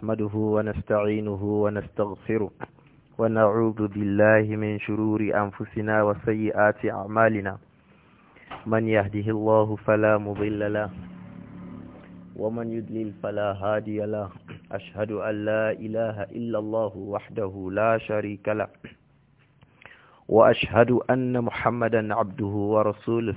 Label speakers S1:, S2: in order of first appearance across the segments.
S1: نحمده ونستعينه ونستغفره ونعوذ بالله من شرور أنفسنا وسيئات أعمالنا من يهده الله فلا مضل له ومن يدلل فلا هادي له أشهد أن لا إله إلا الله وحده لا شريك له وأشهد أن محمدا عبده ورسوله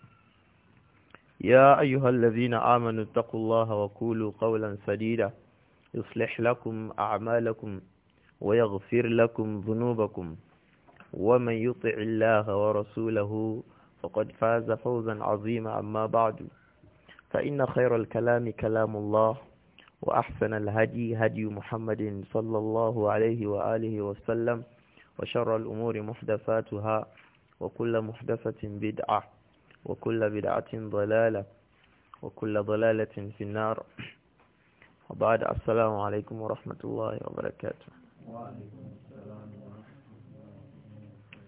S1: يا أيها الذين آمنوا اتقوا الله وقولوا قولا سديدا يصلح لكم أعمالكم ويغفر لكم ذنوبكم ومن يطع الله ورسوله فقد فاز فوزا عظيما أما بعد فإن خير الكلام كلام الله وأحسن الهدي هدي محمد صلى الله عليه وآله وسلم وشر الأمور محدثاتها وكل محدثة بدعة وكل بدعة ضلالة وكل ضلالة في النار وبعد السلام عليكم ورحمة الله وبركاته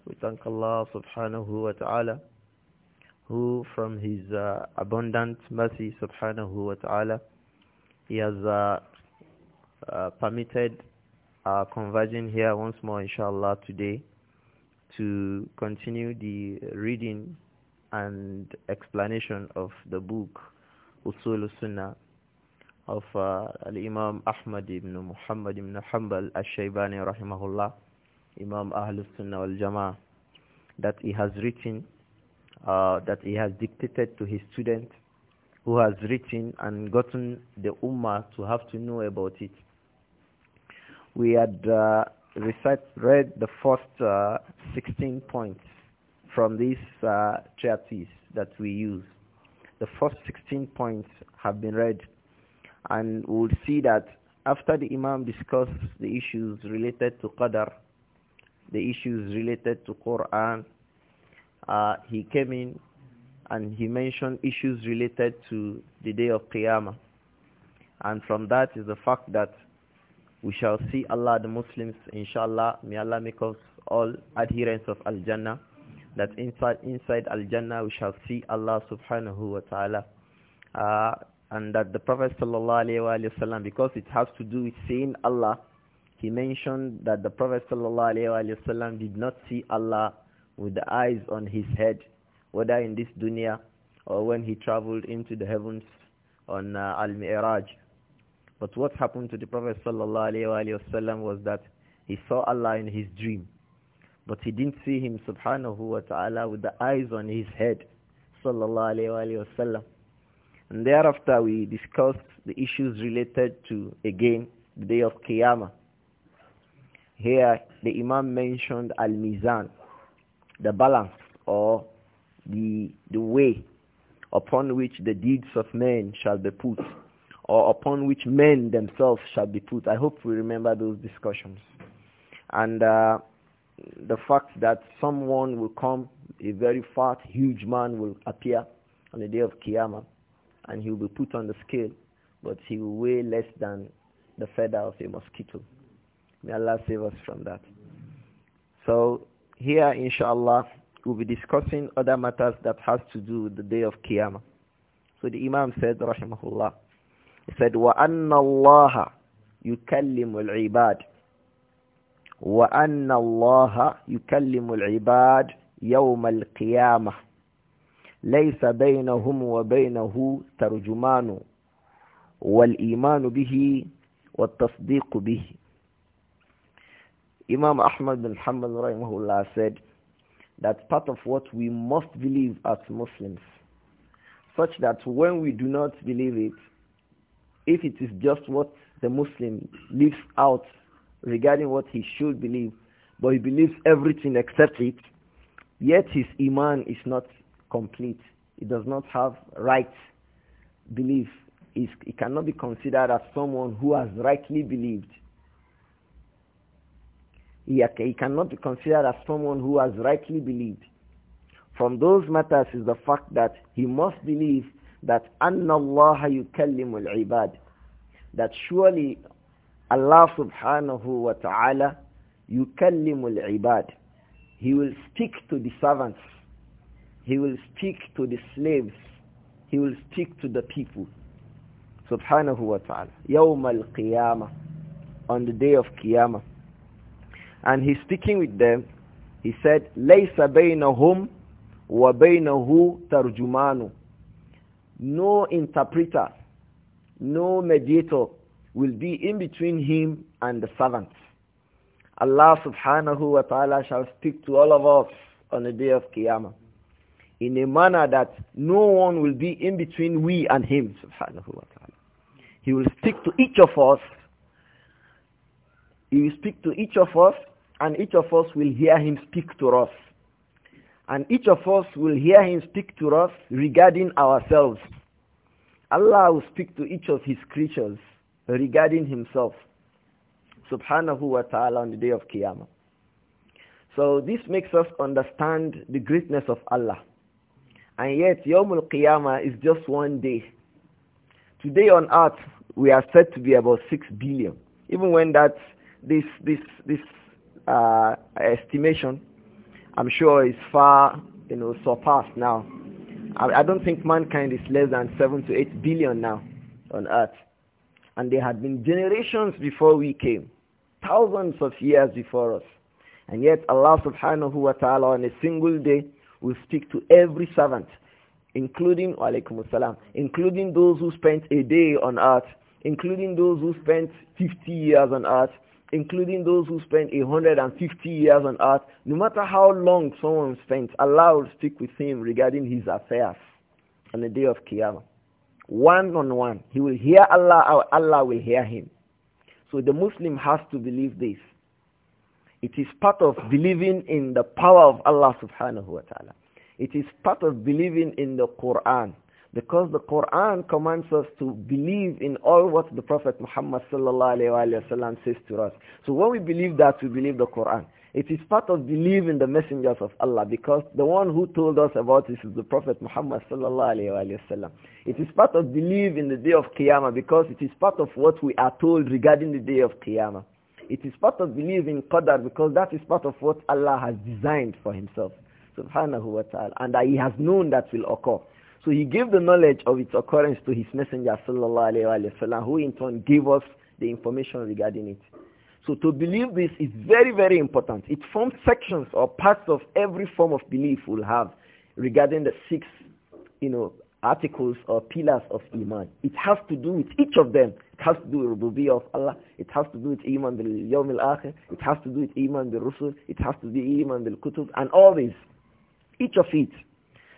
S1: We thank Allah subhanahu wa ta'ala who from his uh, abundant mercy subhanahu wa ta'ala he has uh, uh, permitted our converging here once more inshallah today to continue the reading and explanation of the book Usul Sunnah of uh, Imam Ahmad ibn Muhammad ibn Hanbal al-Shaybani rahimahullah, Imam Ahlus Sunnah wal Jama'ah, that he has written, uh, that he has dictated to his student who has written and gotten the Ummah to have to know about it. We had uh, read the first uh, 16 points from these uh, that we use. The first 16 points have been read and we'll see that after the Imam discussed the issues related to Qadr, the issues related to Quran, uh, he came in and he mentioned issues related to the day of Qiyamah. And from that is the fact that we shall see Allah the Muslims, inshallah, may Allah make us all adherents of Al-Jannah that inside inside Al-Jannah we shall see Allah subhanahu wa ta'ala. Uh, and that the Prophet sallallahu Wasallam, because it has to do with seeing Allah, he mentioned that the Prophet sallallahu Wasallam did not see Allah with the eyes on his head, whether in this dunya or when he traveled into the heavens on uh, Al-Mi'raj. But what happened to the Prophet sallallahu Wasallam was that he saw Allah in his dream. But he didn't see him, subhanahu wa ta'ala, with the eyes on his head, sallallahu Alaihi Wasallam. And thereafter we discussed the issues related to, again, the day of Qiyamah. Here, the Imam mentioned al-mizan, the balance or the, the way upon which the deeds of men shall be put or upon which men themselves shall be put. I hope we remember those discussions. And uh, the fact that someone will come, a very fat, huge man will appear on the day of Qiyamah and he will be put on the scale, but he will weigh less than the feather of a mosquito. May Allah save us from that. So here, inshallah, we'll be discussing other matters that has to do with the day of Qiyamah. So the Imam said, rahimahullah, he said, وَأَنَّ اللَّهَ يُكَلِّمُ الْعِبَادِ وأن الله يكلم العباد يوم القيامة ليس بينهم وبينه ترجمان والإيمان به والتصديق به Imam Ahmad bin Hanbal rahimahullah said that part of what we must believe as Muslims such that when we do not believe it if it is just what the Muslim leaves out regarding what he should believe, but he believes everything except it, yet his iman is not complete. He does not have right belief. He cannot be considered as someone who has rightly believed. He, cannot be considered as someone who has rightly believed. From those matters is the fact that he must believe that أَنَّ اللَّهَ يُكَلِّمُ الْعِبَادِ That surely Allah subhanahu wa ta'ala yukallimul ibad. He will speak to the servants. He will speak to the slaves. He will speak to the people. Subhanahu wa ta'ala. Yawm al-qiyamah. On the day of qiyamah. And he's speaking with them. He said, لَيْسَ wa وَبَيْنَهُ tarjumanu." No interpreter, no mediator will be in between him and the servants. Allah subhanahu wa ta'ala shall speak to all of us on the day of Qiyamah in a manner that no one will be in between we and him subhanahu wa ta'ala. He will speak to each of us. He will speak to each of us and each of us will hear him speak to us. And each of us will hear him speak to us regarding ourselves. Allah will speak to each of his creatures regarding himself subhanahu wa ta'ala on the day of Qiyamah. So this makes us understand the greatness of Allah. And yet Yawmul Qiyamah is just one day. Today on earth we are said to be about 6 billion. Even when that this this this uh, estimation I'm sure is far you know surpassed now. I, I don't think mankind is less than 7 to 8 billion now on earth. And they had been generations before we came, thousands of years before us. And yet Allah subhanahu wa ta'ala on a single day will speak to every servant, including, alaykum salam, including those who spent a day on earth, including those who spent 50 years on earth, including those who spent 150 years on earth, no matter how long someone spent, Allah will speak with him regarding his affairs on the day of Qiyamah one on one. He will hear Allah, Allah will hear him. So the Muslim has to believe this. It is part of believing in the power of Allah subhanahu wa ta'ala. It is part of believing in the Quran. Because the Quran commands us to believe in all what the Prophet Muhammad sallallahu alayhi wa says to us. So when we believe that, we believe the Quran. It is part of believing the messengers of Allah because the one who told us about this is the Prophet Muhammad sallallahu alaihi wasallam. It is part of believing in the day of Qiyamah because it is part of what we are told regarding the day of Qiyamah. It is part of believing in Qadar because that is part of what Allah has designed for himself. Subhanahu wa ta'ala. And that he has known that will occur. So he gave the knowledge of its occurrence to his messenger sallallahu wa sallam, who in turn gave us the information regarding it. So to believe this is very, very important. It forms sections or parts of every form of belief we'll have regarding the six, you know, articles or pillars of Iman. It has to do with each of them. It has to do with Rububiyyah of Allah. It has to do with Iman bil Yawm al-Akhir. It has to do with Iman bil Rusul. It has to do with Iman bil Kutub and all these. Each of it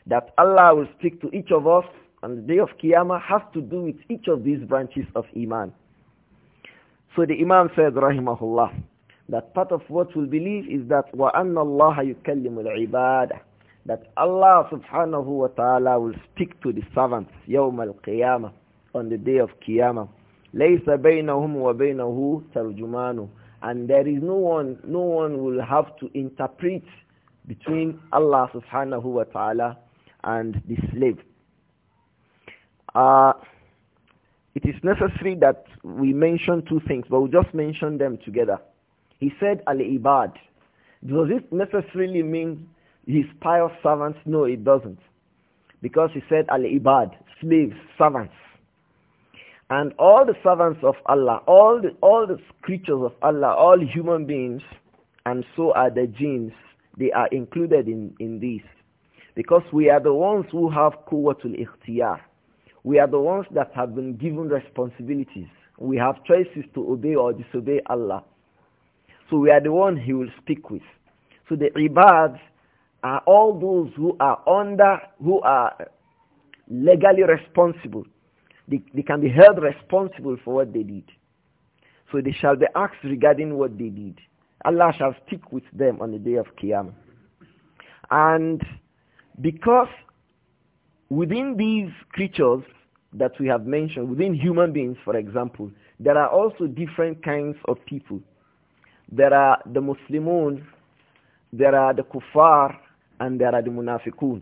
S1: that Allah will speak to each of us on the day of Qiyamah has to do with each of these branches of Iman. So the Imam said, rahimahullah, that part of what we believe is that وَأَنَّ اللَّهَ يُكَلِّمُ الْعِبَادَةِ That Allah subhanahu wa ta'ala will speak to the servants يوم القيامة on the day of Qiyamah. لَيْسَ بَيْنَهُمْ وَبَيْنَهُ تَرْجُمَانُ And there is no one, no one will have to interpret between Allah subhanahu wa ta'ala and the slave. Uh, it is necessary that we mention two things, but we just mention them together. He said al-ibad. Does it necessarily mean his pious servants? No, it doesn't. Because he said al-ibad, slaves, servants. And all the servants of Allah, all the, all the creatures of Allah, all human beings, and so are the jinns, they are included in, in this. Because we are the ones who have quwwatul ikhtiyar we are the ones that have been given responsibilities. We have choices to obey or disobey Allah. So we are the one he will speak with. So the ibads are all those who are under, who are legally responsible. They, they can be held responsible for what they did. So they shall be asked regarding what they did. Allah shall speak with them on the day of Qiyamah. And because within these creatures that we have mentioned, within human beings, for example, there are also different kinds of people. There are the Muslimun, there are the Kuffar, and there are the Munafiqun.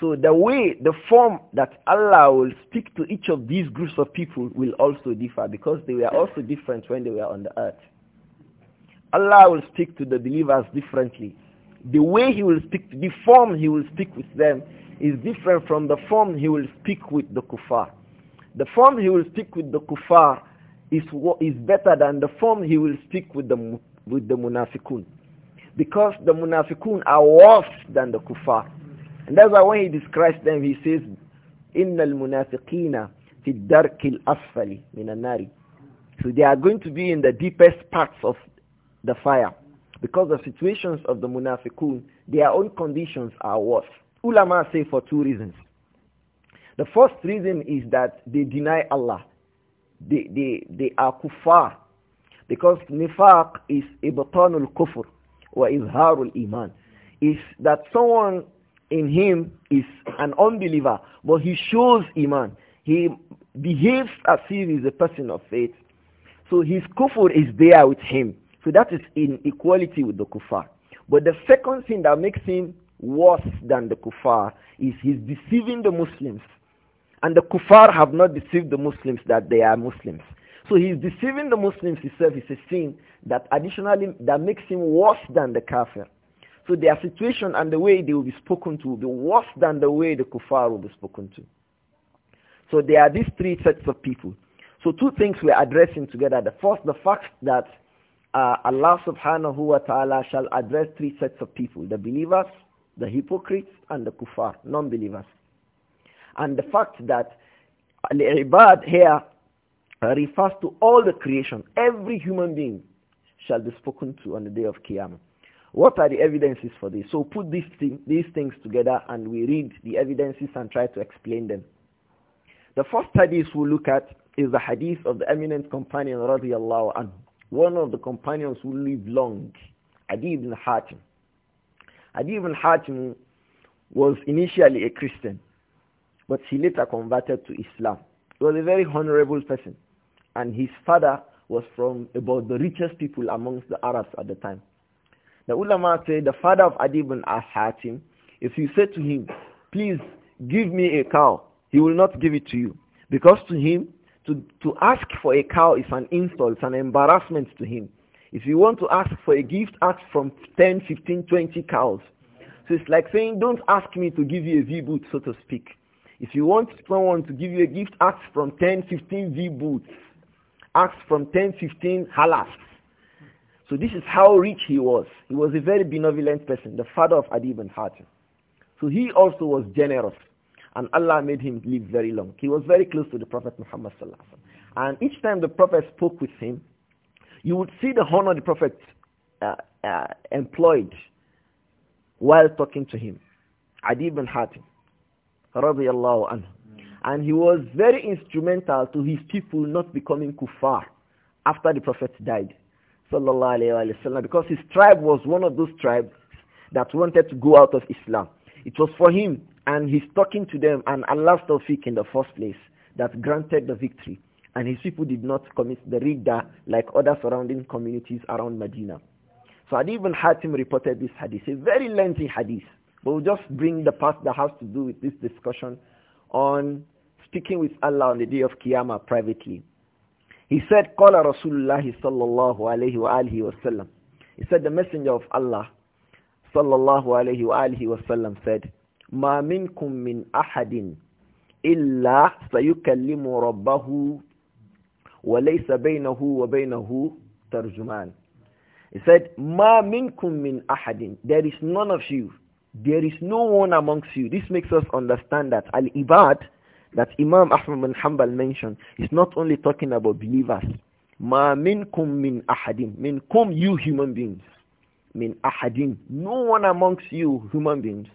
S1: So the way, the form that Allah will speak to each of these groups of people will also differ because they were also different when they were on the earth. Allah will speak to the believers differently. The way he will speak, the form he will speak with them is different from the form he will speak with the kuffar. The form he will speak with the kuffar is, is better than the form he will speak with the, with the munafiqun. Because the munafiqun are worse than the kuffar. And that's why when he describes them, he says, إِنَّ الْمُنَافِقِينَ فِي الدَّرْكِ الْأَسْفَلِ مِنَ النَّارِ So they are going to be in the deepest parts of the fire. Because the situations of the munafiqun, their own conditions are worse ulama say for two reasons. The first reason is that they deny Allah. They, they, they are kuffar. Because nifaq is ibtanul kufr wa izharul iman. Is that someone in him is an unbeliever, but he shows iman. He behaves as if he is a person of faith. So his kufr is there with him. So that is in equality with the kuffar. But the second thing that makes him worse than the kuffar is he's deceiving the Muslims. And the kuffar have not deceived the Muslims that they are Muslims. So he's deceiving the Muslims himself It's a sin that additionally that makes him worse than the kafir. So their situation and the way they will be spoken to will be worse than the way the kuffar will be spoken to. So there are these three sets of people. So two things we're addressing together. The first, the fact that uh, Allah subhanahu wa ta'ala shall address three sets of people. The believers, the hypocrites and the kuffar, non-believers. And the fact that al-ibad here refers to all the creation, every human being shall be spoken to on the day of Qiyamah. What are the evidences for this? So put these, thing, these things together and we read the evidences and try to explain them. The first hadith we look at is the hadith of the eminent companion radiallahu anhu, one of the companions who lived long, Adi ibn Hatim. Adi ibn Hatim was initially a Christian, but he later converted to Islam. He was a very honorable person, and his father was from about the richest people amongst the Arabs at the time. The ulama say the father of Adi ibn Hatim, if you say to him, please give me a cow, he will not give it to you. Because to him, to, to ask for a cow is an insult, it's an embarrassment to him. If you want to ask for a gift, ask from 10, 15, 20 cows. So it's like saying, don't ask me to give you a V-boot, so to speak. If you want someone to give you a gift, ask from 10, 15 V-boots. Ask from 10, 15 halas. So this is how rich he was. He was a very benevolent person, the father of Adi and Hatim. So he also was generous. And Allah made him live very long. He was very close to the Prophet Muhammad And each time the Prophet spoke with him, you would see the honor the Prophet uh, uh, employed while talking to him. Adi bin Hatim, radiallahu anhu. Hmm. And he was very instrumental to his people not becoming kuffar after the Prophet died, sallallahu alayhi wa sallam, because his tribe was one of those tribes that wanted to go out of Islam. It was for him, and he's talking to them, and Allah's tawfiq in the first place that granted the victory. And his people did not commit the ridda like other surrounding communities around Medina. So Adi ibn Hatim reported this hadith, a very lengthy hadith. But we'll just bring the part that has to do with this discussion on speaking with Allah on the day of Qiyamah privately. He said, قال رسول الله صلى الله عليه وآله وسلم. He said, the messenger of Allah صلى الله عليه وآله وسلم said, ما منكم من أحد إلا سيكلم ربه وَلَيْسَ بَيْنَهُ وَبَيْنَهُ تَرْجُمَانِ He said, مَا مِنْكُم مِّنْ أَحَدٍ There is none of you. There is no one amongst you. This makes us understand that Al-Ibad, that Imam Ahmad bin Hanbal mentioned, is not only talking about believers. مَا مِنْكُم مِّنْ أَحَدٍ مِنْكُم you human beings. مِنْ أَحَدٍ No one amongst you human beings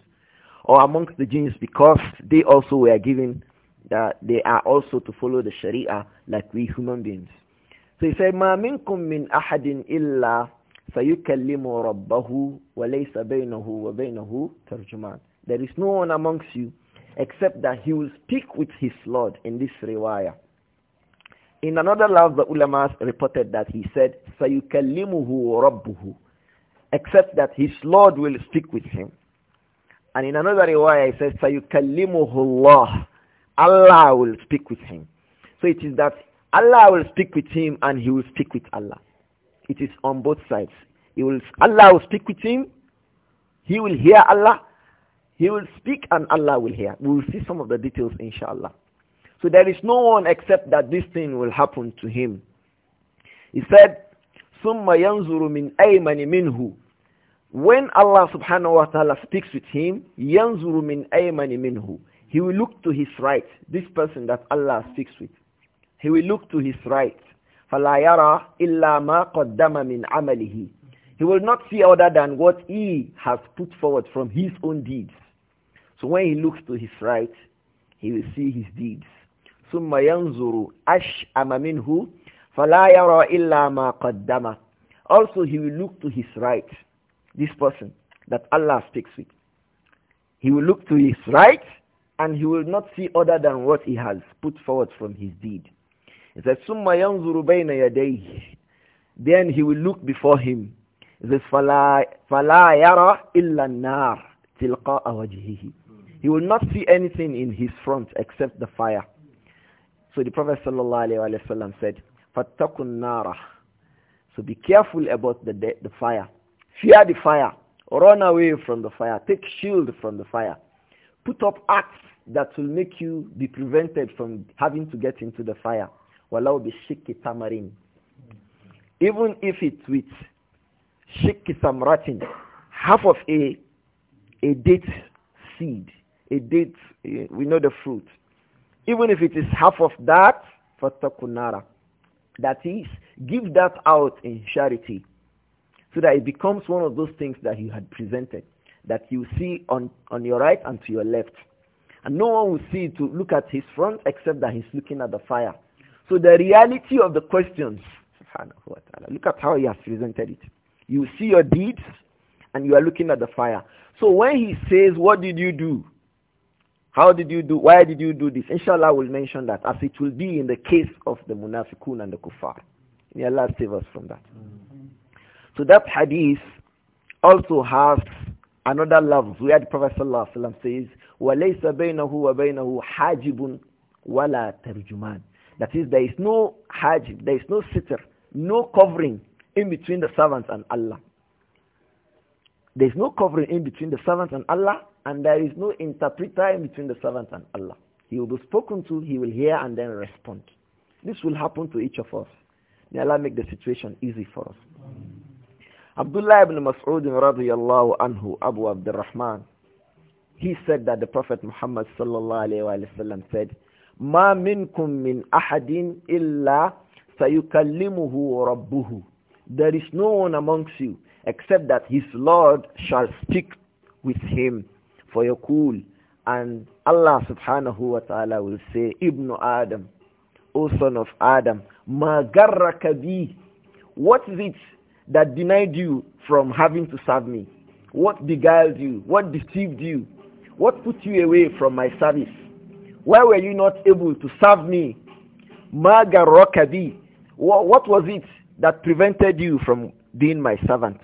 S1: or amongst the jinns because they also were given that they are also to follow the Sharia like we human beings. So he said, مَا مِنْكُمْ مِنْ أَحَدٍ إِلَّا wa laysa وَلَيْسَ wa وَبَيْنَهُ تَرْجُمَانٌ There is no one amongst you except that he will speak with his Lord in this riwaya." In another love, the ulamas reported that he said, فَيُكَلِّمُهُ رَبُّهُ Except that his Lord will speak with him. And in another riwaya, he says, فَيُكَلِّمُهُ اللَّهُ Allah will speak with him. So it is that Allah will speak with him and he will speak with Allah. It is on both sides. He will, Allah will speak with him. He will hear Allah. He will speak and Allah will hear. We will see some of the details inshallah. So there is no one except that this thing will happen to him. He said, ثُمَّ يَنْظُرُ مِنْ أَيْمَنِ مِنْهُ When Allah subhanahu wa ta'ala speaks with him, يَنْظُرُ مِنْ أَيْمَنِ مِنْهُ he will look to his right, this person that Allah speaks with. He will look to his right. He will not see other than what he has put forward from his own deeds. So when he looks to his right, he will see his deeds. ثُمَّ يَنْظُرُ أَشْأَمَ مِنْهُ فَلَا يَرَى إِلَّا مَا قَدَّمَ Also he will look to his right, this person that Allah speaks with. He will look to his right and he will not see other than what he has put forward from his deed. He says, Then he will look before him. He says, فَلَا, He will not see anything in his front except the fire. So the Prophet ﷺ said, فَاتَّقُوا النَّارَ So be careful about the, the fire. Fear the fire. Run away from the fire. Take shield from the fire. Put up acts that will make you be prevented from having to get into the fire. be shikki tamarin. Even if it's with shikki samratin, half of a, a date seed, a date, eh, we know the fruit. Even if it is half of that, fatakunara. That is, give that out in charity so that it becomes one of those things that you had presented that you see on, on your right and to your left. And no one will see to look at his front except that he's looking at the fire. So the reality of the questions, look at how he has presented it. You see your deeds and you are looking at the fire. So when he says, what did you do? How did you do? Why did you do this? Inshallah, we'll mention that as it will be in the case of the munafiqun and the kuffar. May Allah save us from that. So that hadith also has another love where the Prophet ﷺ says, وَلَيْسَ بَيْنَهُ وَبَيْنَهُ حَاجِبٌ وَلَا تَرْجُمَانٌ That is, there is no hajib, there is no sitter, no covering in between the servants and Allah. There is no covering in between the servants and Allah, and there is no interpreter in between the servants and Allah. He will be spoken to, he will hear and then respond. This will happen to each of us. May Allah make the situation easy for us. Abdullah ibn Mas'ud radiyallahu anhu, Abu Abdurrahman, he said that the Prophet Muhammad sallallahu alayhi wasallam said, مَا مِنْكُمْ min ahadin illa سَيُكَلِّمُهُ رَبُّهُ There is no one amongst you except that his Lord shall speak with him for your cool. And Allah subhanahu wa ta'ala will say, Ibn Adam, O son of Adam, ma garraka bi. What is it that denied you from having to serve me? What beguiled you? What deceived you? What put you away from my service? Why were you not able to serve me? Magarakabi. What was it that prevented you from being my servant?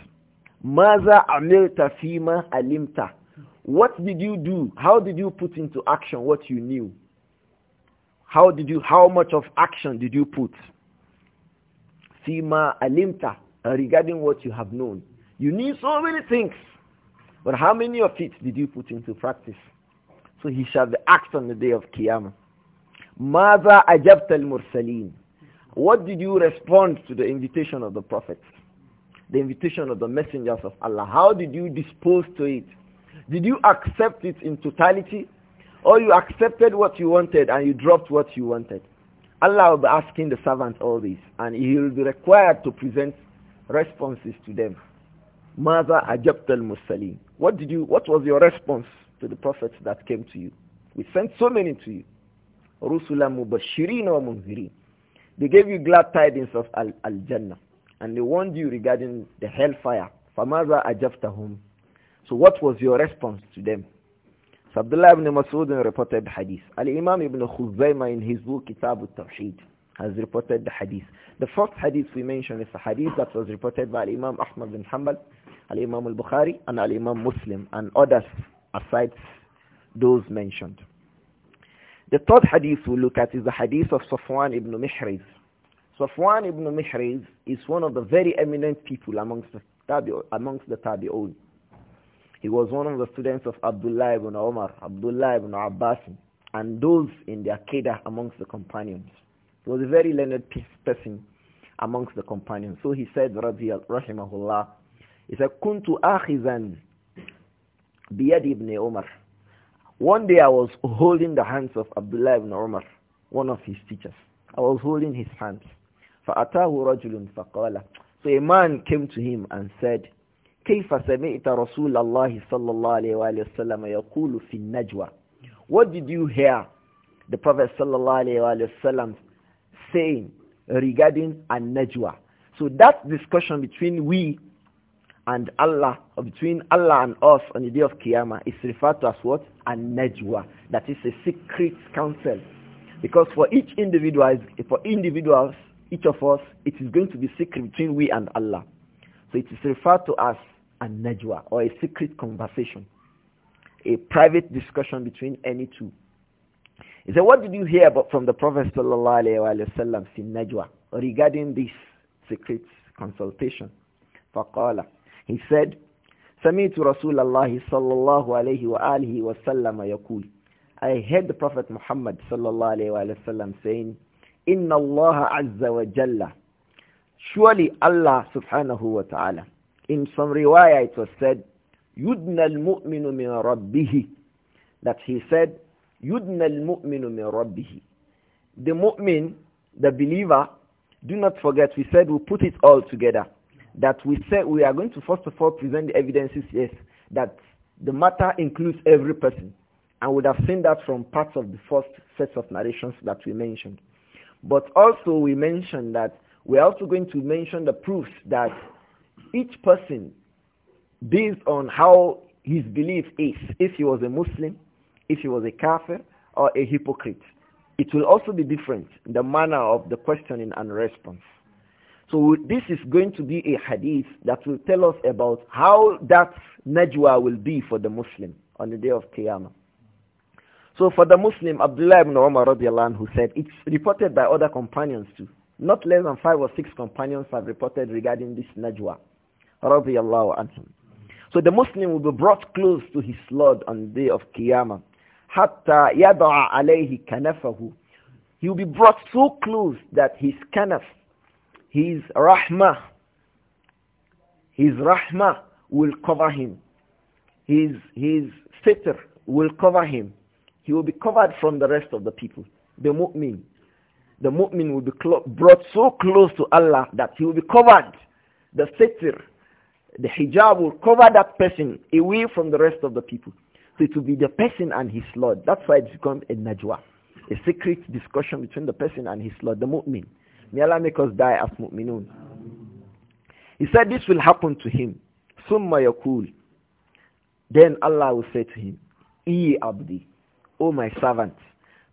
S1: Maza amilta fima alimta. What did you do? How did you put into action what you knew? How did you how much of action did you put? Fima alimta regarding what you have known. You knew so many things. But how many of it did you put into practice? So he shall be asked on the day of Qiyamah. Mada Ajab al-mursaleen. What did you respond to the invitation of the prophets? The invitation of the messengers of Allah. How did you dispose to it? Did you accept it in totality? Or you accepted what you wanted and you dropped what you wanted? Allah will be asking the servants all this and he will be required to present responses to them. Mada Ajab al-mursaleen. What did you, what was your response to the prophets that came to you? We sent so many to you. Rusulam mubashirin wa munzirin. They gave you glad tidings of al-Jannah. and they warned you regarding the hellfire. Famaza أَجَبْتَهُمْ So what was your response to them? So Abdullah ibn Masud reported the hadith. Al-Imam ibn Khuzaymah in his book Kitab al-Tawheed has reported the hadith. The first hadith we mentioned is a hadith that was reported by Imam Ahmad bin Hanbal, Imam al-Bukhari, and Imam Muslim, and others aside those mentioned. The third hadith we look at is the hadith of Safwan ibn Mihriz. Safwan ibn Mihriz is one of the very eminent people amongst the Tabi'un. Amongst the tabi'un. He was one of the students of Abdullah ibn Omar, Abdullah ibn Abbas, and those in the Akhira amongst the companions was a very learned person amongst the companions. So he said, rahimahullah, he said, Kuntu akhizan biyad ibn Umar. One day I was holding the hands of Abdullah ibn Umar, one of his teachers. I was holding his hands. فَأَتَاهُ رَجُلٌ فَقَالَ So a man came to him and said, كيف سَمِيتَ رسول الله صلى الله عليه وآله وسلم يقول في النجوى What did you hear the Prophet صلى الله عليه وآله وسلم saying regarding an-najwa. So that discussion between we and Allah, or between Allah and us on the day of Qiyamah is referred to as what? An-najwa. That is a secret council, Because for each individual, for individuals, each of us, it is going to be secret between we and Allah. So it is referred to as an-najwa, or a secret conversation. A private discussion between any two. He said, what did you hear about from the Prophet wasallam Najwa regarding this secret consultation? فقال He said, سمعت رسول الله صلى الله عليه وآله وسلم يقول I heard the Prophet Muhammad صلى الله عليه وسلم saying, إن الله عز وجل Surely Allah subhanahu wa ta'ala. In some riwayah it was said, يُدْنَى الْمُؤْمِنُ مِنْ رَبِّهِ That he said, يدنى المؤمن من the mu'min the believer do not forget we said we put it all together that we said we are going to first of all present the evidences yes that the matter includes every person and would have seen that from parts of the first sets of narrations that we mentioned but also we mentioned that we're also going to mention the proofs that each person based on how his belief is if he was a muslim if he was a kafir or a hypocrite. It will also be different in the manner of the questioning and response. So this is going to be a hadith that will tell us about how that najwa will be for the Muslim on the day of Qiyamah. So for the Muslim, Abdullah ibn Umar radiallahu anhu said, it's reported by other companions too. Not less than five or six companions have reported regarding this najwa radiallahu anhu. So the Muslim will be brought close to his Lord on the day of Qiyamah hatta yada'a alayhi kanafahu. He will be brought so close that his kanaf, his rahmah, his rahmah will cover him. His, his sitr will cover him. He will be covered from the rest of the people, the mu'min. The mu'min will be brought so close to Allah that he will be covered. The sitr, the hijab will cover that person away from the rest of the people. So it will be the person and his Lord. That's why it becomes a najwa, a secret discussion between the person and his Lord, the mu'min. May Allah make us die as mu'minun. He said this will happen to him. Summa yakul. Then Allah will say to him, Iyi abdi, O my servant,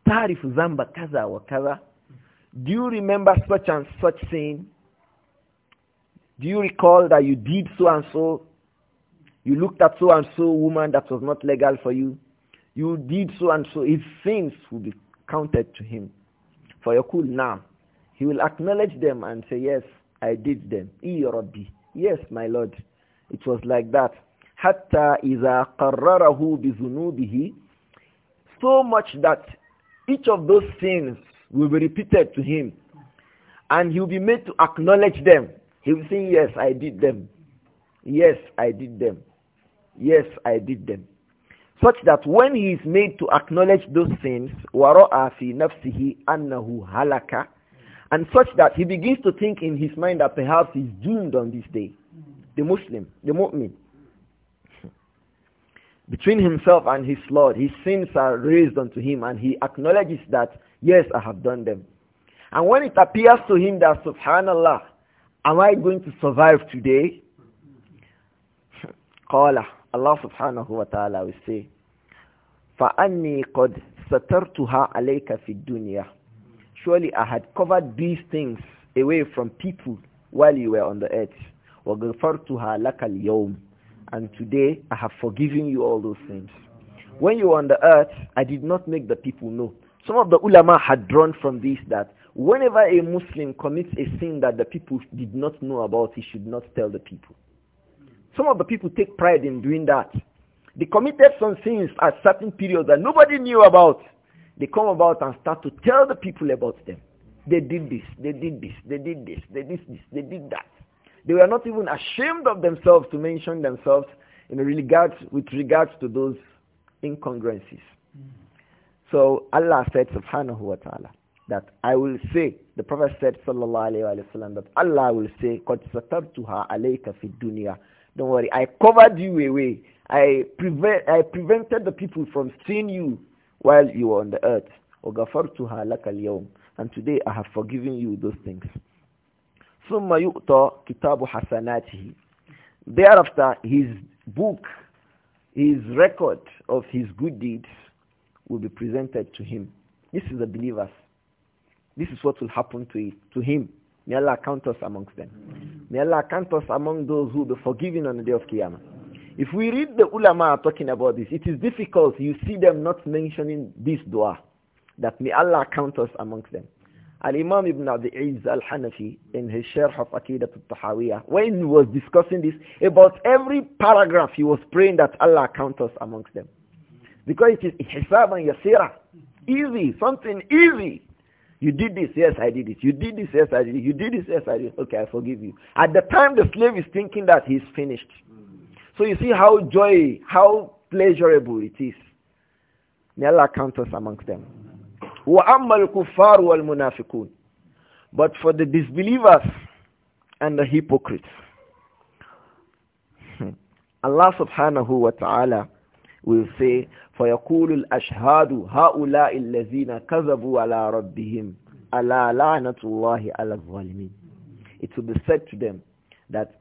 S1: tarifu zamba kaza wa kaza. Do you remember such and such sin? Do you recall that you did so and so? You looked at so and so woman that was not legal for you. You did so and so. His sins will be counted to him. For your cool now, he will acknowledge them and say, yes, I did them. Yes, my Lord. It was like that. Hatta iza qarrarahu bizunubihi. So much that each of those sins will be repeated to him. And he will be made to acknowledge them. He will say, yes, I did them. Yes, I did them. Yes, I did them. Such that when he is made to acknowledge those sins, وَرَأَى فِي نَفْسِهِ أَنَّهُ هَلَكَ And such that he begins to think in his mind that perhaps he's doomed on this day. The Muslim, the mu'min. Between himself and his Lord, his sins are raised unto him and he acknowledges that, yes, I have done them. And when it appears to him that, subhanallah, am I going to survive today? قَالَ Allah subhanahu wa ta'ala will say, فَأَنِّي قَدْ سَتَرْتُهَا عَلَيْكَ فِي الدُّنْيَا Surely I had covered these things away from people while you were on the earth. وَغَفَرْتُهَا لَكَ الْيَوْمِ And today I have forgiven you all those things. When you were on the earth, I did not make the people know. Some of the ulama had drawn from this that whenever a Muslim commits a sin that the people did not know about, he should not tell the people. Some of the people take pride in doing that. They committed some sins at certain periods that nobody knew about. They come about and start to tell the people about them. They did this, they did this, they did this, they did this, they did that. They were not even ashamed of themselves to mention themselves in regards, with regards to those incongruencies. So Allah said subhanahu wa ta'ala that I will say, the Prophet said sallallahu alayhi wa sallam that Allah will say, قَدْ سَتَرْتُهَا عَلَيْكَ فِي الدُّنْيَا don't worry. I covered you away. I, prevent, I prevented the people from seeing you while you were on the earth. And today I have forgiven you those things. ثُمَّ يُؤْتَى كِتَابُ حَسَنَاتِهِ Thereafter, his book, his record of his good deeds will be presented to him. This is the believers. This is what will happen to, to him. May Allah count us amongst them. May Allah count us among those who will be forgiven on the day of Qiyamah. If we read the ulama talking about this, it is difficult. You see them not mentioning this dua, that may Allah count us amongst them. Al-Imam Ibn Abi Izz al-Hanafi, in his Sharh of Aqidat al-Tahawiyah, when he was discussing this, about every paragraph he was praying that Allah count us amongst them. Because it is hisab and yasira, easy, something easy. You did this, yes, I did it. You did this, yes, I did it. You did this, yes, I did it. Okay, I forgive you. At the time, the slave is thinking that he's finished. So you see how joy, how pleasurable it is. May Allah count us amongst them. وَأَمَّا الْكُفَّارُ وَالْمُنَافِقُونَ But for the disbelievers and the hypocrites, Allah subhanahu wa ta'ala will say, فيقول الأشهاد هؤلاء الذين كذبوا على ربهم ألا لعنة الله على الظالمين It will be said to them that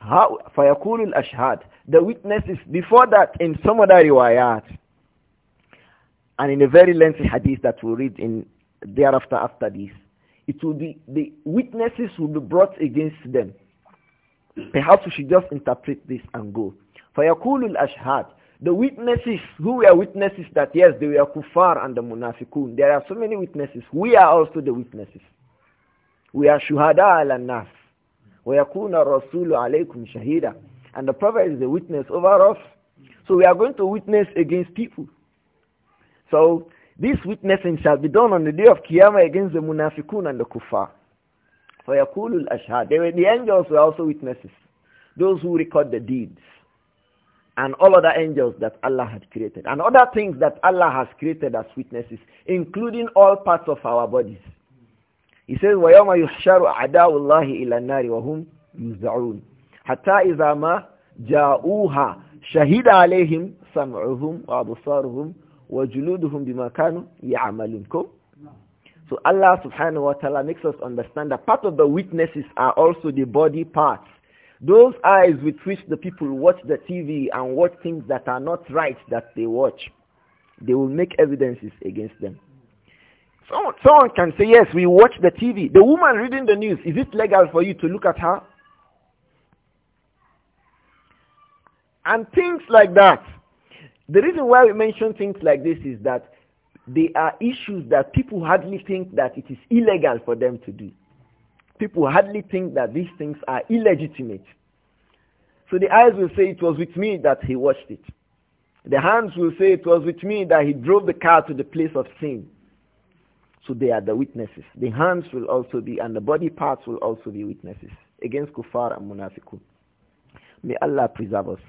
S1: how, فيقول الأشهاد The witnesses before that in some other riwayat and in a very lengthy hadith that we'll read in thereafter after this it will be the witnesses will be brought against them perhaps we should just interpret this and go فيقول الأشهاد the witnesses who were witnesses that yes, they were kuffar and the munafiqun. There are so many witnesses. We are also the witnesses. We are shuhada ala nas. وَيَكُونَ rasulu alaykum shahida. And the Prophet is the witness over us. So we are going to witness against people. So this witnessing shall be done on the day of Qiyamah against the munafiqun and the kuffar. فَيَقُولُ ashhad. The angels were also witnesses. Those who record the deeds and all other angels that Allah had created and other things that Allah has created as witnesses, including all parts of our bodies. He says, وَيَوْمَ يُحْشَرُ أَعْدَاءُ اللَّهِ إِلَى النَّارِ وَهُمْ يُوزَعُونَ حَتَّى إِذَا مَا جَاءُوهَا شَهِدَ عَلَيْهِمْ سَمْعُهُمْ وَأَبْصَارُهُمْ وَجُلُودُهُمْ بِمَا كَانُوا يَعْمَلُونَ So Allah subhanahu wa ta'ala makes us understand that part of the witnesses are also the body parts those eyes with which the people watch the TV and watch things that are not right that they watch, they will make evidences against them. Someone, someone can say, yes, we watch the TV. The woman reading the news, is it legal for you to look at her? And things like that. The reason why we mention things like this is that they are issues that people hardly think that it is illegal for them to do people hardly think that these things are illegitimate. So the eyes will say it was with me that he watched it. The hands will say it was with me that he drove the car to the place of sin. So they are the witnesses. The hands will also be and the body parts will also be witnesses against kuffar and munafiqun. May Allah preserve us.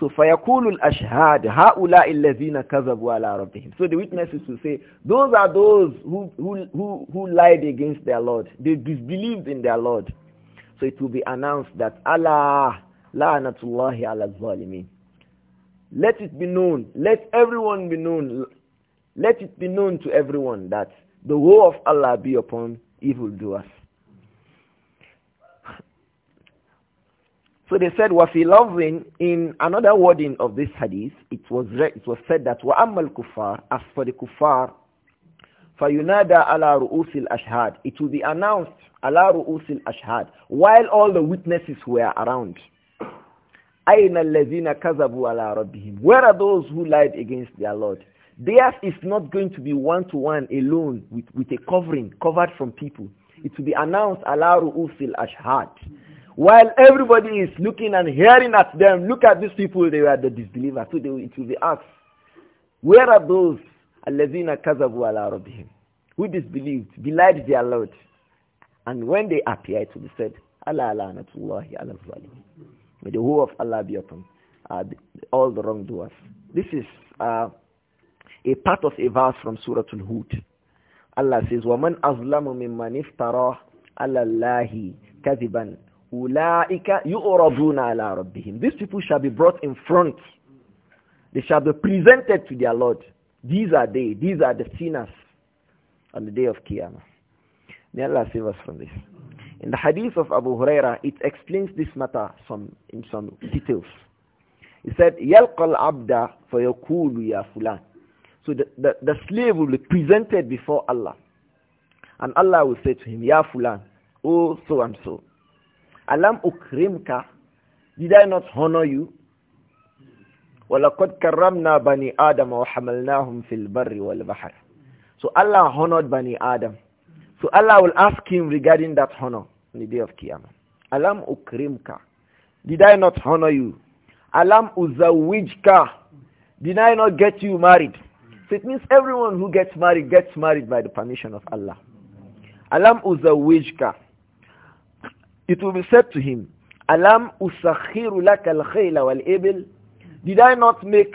S1: So فَيَقُولُ الْأَشْهَادِ هَؤُلَاءِ الَّذِينَ كَذَبُوا عَلَىٰ رَبِّهِمْ So the witnesses will say, those are those who, who, who, who lied against their Lord. They disbelieved in their Lord. So it will be announced that Allah, la اللَّهِ عَلَى الظَّالِمِينَ Let it be known, let everyone be known, let it be known to everyone that the woe of Allah be upon evildoers. So they said, وَفِي لَفْظٍ In another wording of this hadith, it was, it was said that وَأَمَّا الْكُفَّارِ As for the kuffar, فَيُنَادَى عَلَى رُؤُوسِ الْأَشْهَادِ It will be announced عَلَى رُؤُوسِ الْأَشْهَادِ While all the witnesses were around. أَيْنَ الَّذِينَ كَذَبُوا عَلَى رَبِّهِمْ Where are those who lied against their Lord? Theirs is not going to be one-to-one -one alone with, with a covering, covered from people. It will be announced عَلَى رُؤُوسِ الْأَشْهَادِ while everybody is looking and hearing at them, look at these people, they were the disbelievers. So they, it will be asked, where are those الَّذِينَ كَذَبُوا al رَبِّهِمْ Who disbelieved, belied their Lord. And when they appear, it will be said, Allah Allah ala May the whole of Allah be upon uh, all the wrongdoers. This is uh, a part of a verse from Surah Al-Hud. Allah says, وَمَنْ أَظْلَمُ مِمَّنِ افْتَرَى عَلَى اللَّهِ كَذِبًا Ulaika yu'raduna ala rabbihim. These people shall be brought in front. They shall be presented to their Lord. These are they. These are the sinners on the day of Qiyamah. May Allah save us from this. In the hadith of Abu Huraira, it explains this matter some, in some details. He said, يَلْقَ الْعَبْدَ فَيَقُولُ ya fulan." So the, the, the slave will be presented before Allah. And Allah will say to him, Ya Fulan, oh so and so. Alam ukrimka, did I not honor you? وَلَقَدْ كَرَّمْنَا بَنِي آدَمَ وَحَمَلْنَاهُمْ فِي الْبَرِّ وَالْبَحْرِ So Allah honored Bani Adam. So Allah will ask him regarding that honor on the day of Qiyamah. Alam ukrimka. Did I not honor you? Alam uzawijka. Did I not get you married? So it means everyone who gets married gets married by the permission of Allah. Alam uzawijka it will be said to him, Alam usakhiru laka al-khayla wal-ibil. Did I not make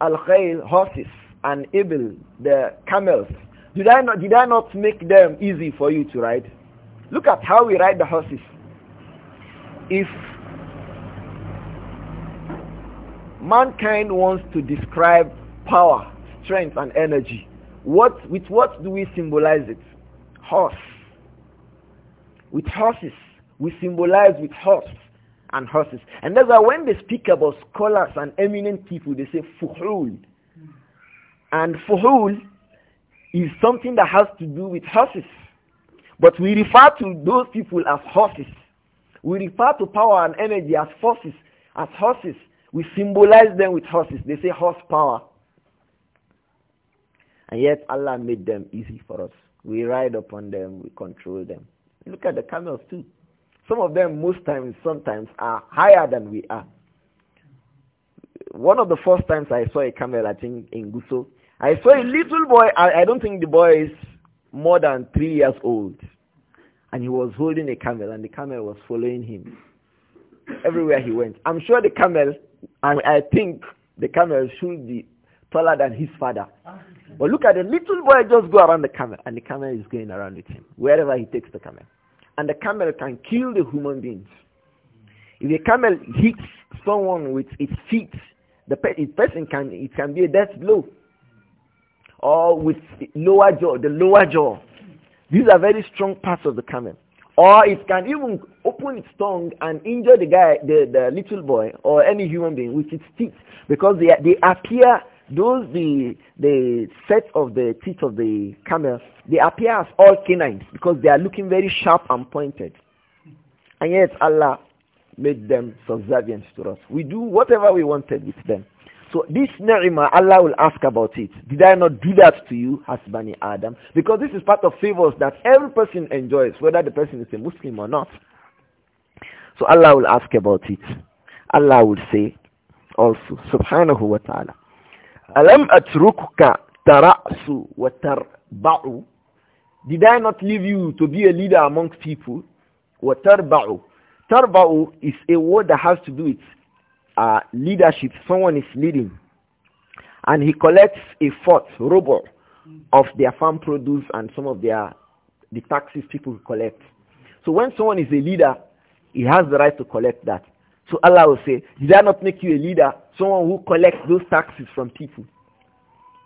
S1: al-khayl horses and ibil, the camels? Did I, not, did I not make them easy for you to ride? Look at how we ride the horses. If mankind wants to describe power, strength and energy, what, with what do we symbolize it? Horse. With horses we symbolize with horse and horses. And that's why when they speak about scholars and eminent people, they say fuhul. And fuhul is something that has to do with horses. But we refer to those people as horses. We refer to power and energy as forces, as horses. We symbolize them with horses. They say horsepower. And yet Allah made them easy for us. We ride upon them, we control them. Look at the camels too. Some of them most times, sometimes are higher than we are. One of the first times I saw a camel, I think, in Guso, I saw a little boy, I, I don't think the boy is more than three years old. And he was holding a camel and the camel was following him everywhere he went. I'm sure the camel, I, I think the camel should be taller than his father. But look at the little boy just go around the camel and the camel is going around with him, wherever he takes the camel and the camel can kill the human beings. If a camel hits someone with its feet, the pe person can it can be a death blow. Or with lower jaw, the lower jaw. These are very strong parts of the camel. Or it can even open its tongue and injure the guy, the, the little boy, or any human being with its teeth, because they, they appear those the the set of the teeth of the camel they appear as all canines because they are looking very sharp and pointed and yet allah made them subservient to us we do whatever we wanted with them so this ni'mah allah will ask about it did i not do that to you hasbani adam because this is part of favors that every person enjoys whether the person is a muslim or not so allah will ask about it allah will say also subhanahu wa ta'ala Alam atrukuka tarasu wa tarba'u. Did I not leave you to be a leader amongst people? Wa tarba'u. Tarba'u is a word that has to do with uh, leadership. Someone is leading. And he collects a fourth, robo of their farm produce and some of their the taxes people collect. So when someone is a leader, he has the right to collect that. So Allah will say, did I not make you a leader? Someone who collects those taxes from people.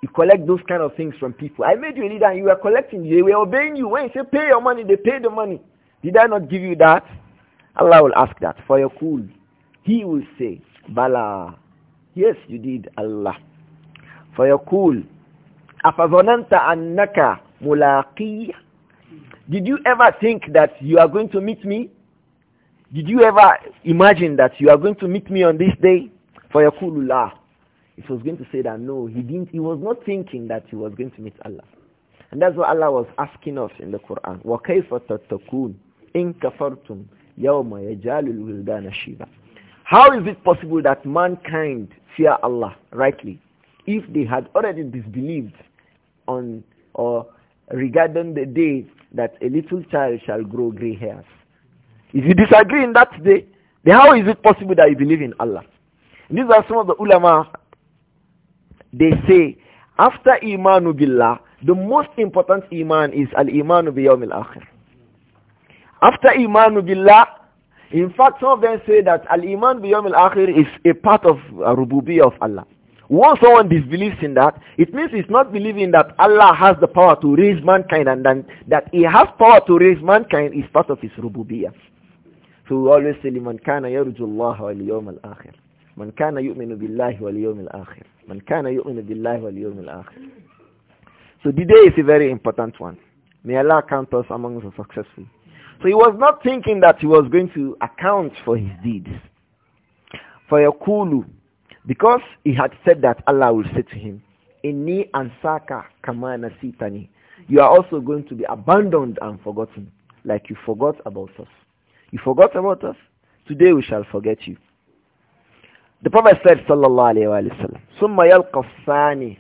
S1: You collect those kind of things from people. I made you a leader and you were collecting. They were obeying you. When you say pay your money, they pay the money. Did I not give you that? Allah will ask that for your cool. He will say, Bala. Yes, you did, Allah. For your cool. Afazonanta annaka mulaqi. Did you ever think that you are going to meet me? Did you ever imagine that you are going to meet me on this day? For your kulula. It was going to say that no, he didn't he was not thinking that he was going to meet Allah. And that's what Allah was asking us in the Quran. وَكَيْفَ تَتَّقُونَ إِن كَفَرْتُمْ يَوْمَ يَجَالُ How is it possible that mankind fear Allah rightly if they had already disbelieved on or regarding the day that a little child shall grow gray hairs? If you disagree in that day, then how is it possible that you believe in Allah? And these are some of the ulama. They say, after imanu billah, the most important iman is al-imanu bi yawm al-akhir. After imanu billah, in fact, some of them say that al-iman bi al-akhir is a part of uh, rububiyyah of Allah. Once someone disbelieves in that, it means it's not believing that Allah has the power to raise mankind and, and that he has power to raise mankind is part of his rububiyyah. So always say, لمن كان يرجو الله واليوم الآخر من كان يؤمن بالله واليوم الآخر من كان يؤمن بالله واليوم الآخر So the day is a very important one. May Allah count us among the successful. So he was not thinking that he was going to account for his deeds. For Yakulu, because he had said that Allah will say to him, Inni ansaka kama nasitani. You are also going to be abandoned and forgotten, like you forgot about us. You forgot about us? Today we shall forget you. The Prophet said, sallallahu alayhi wa sallam, ثُمَّ يَلْقَ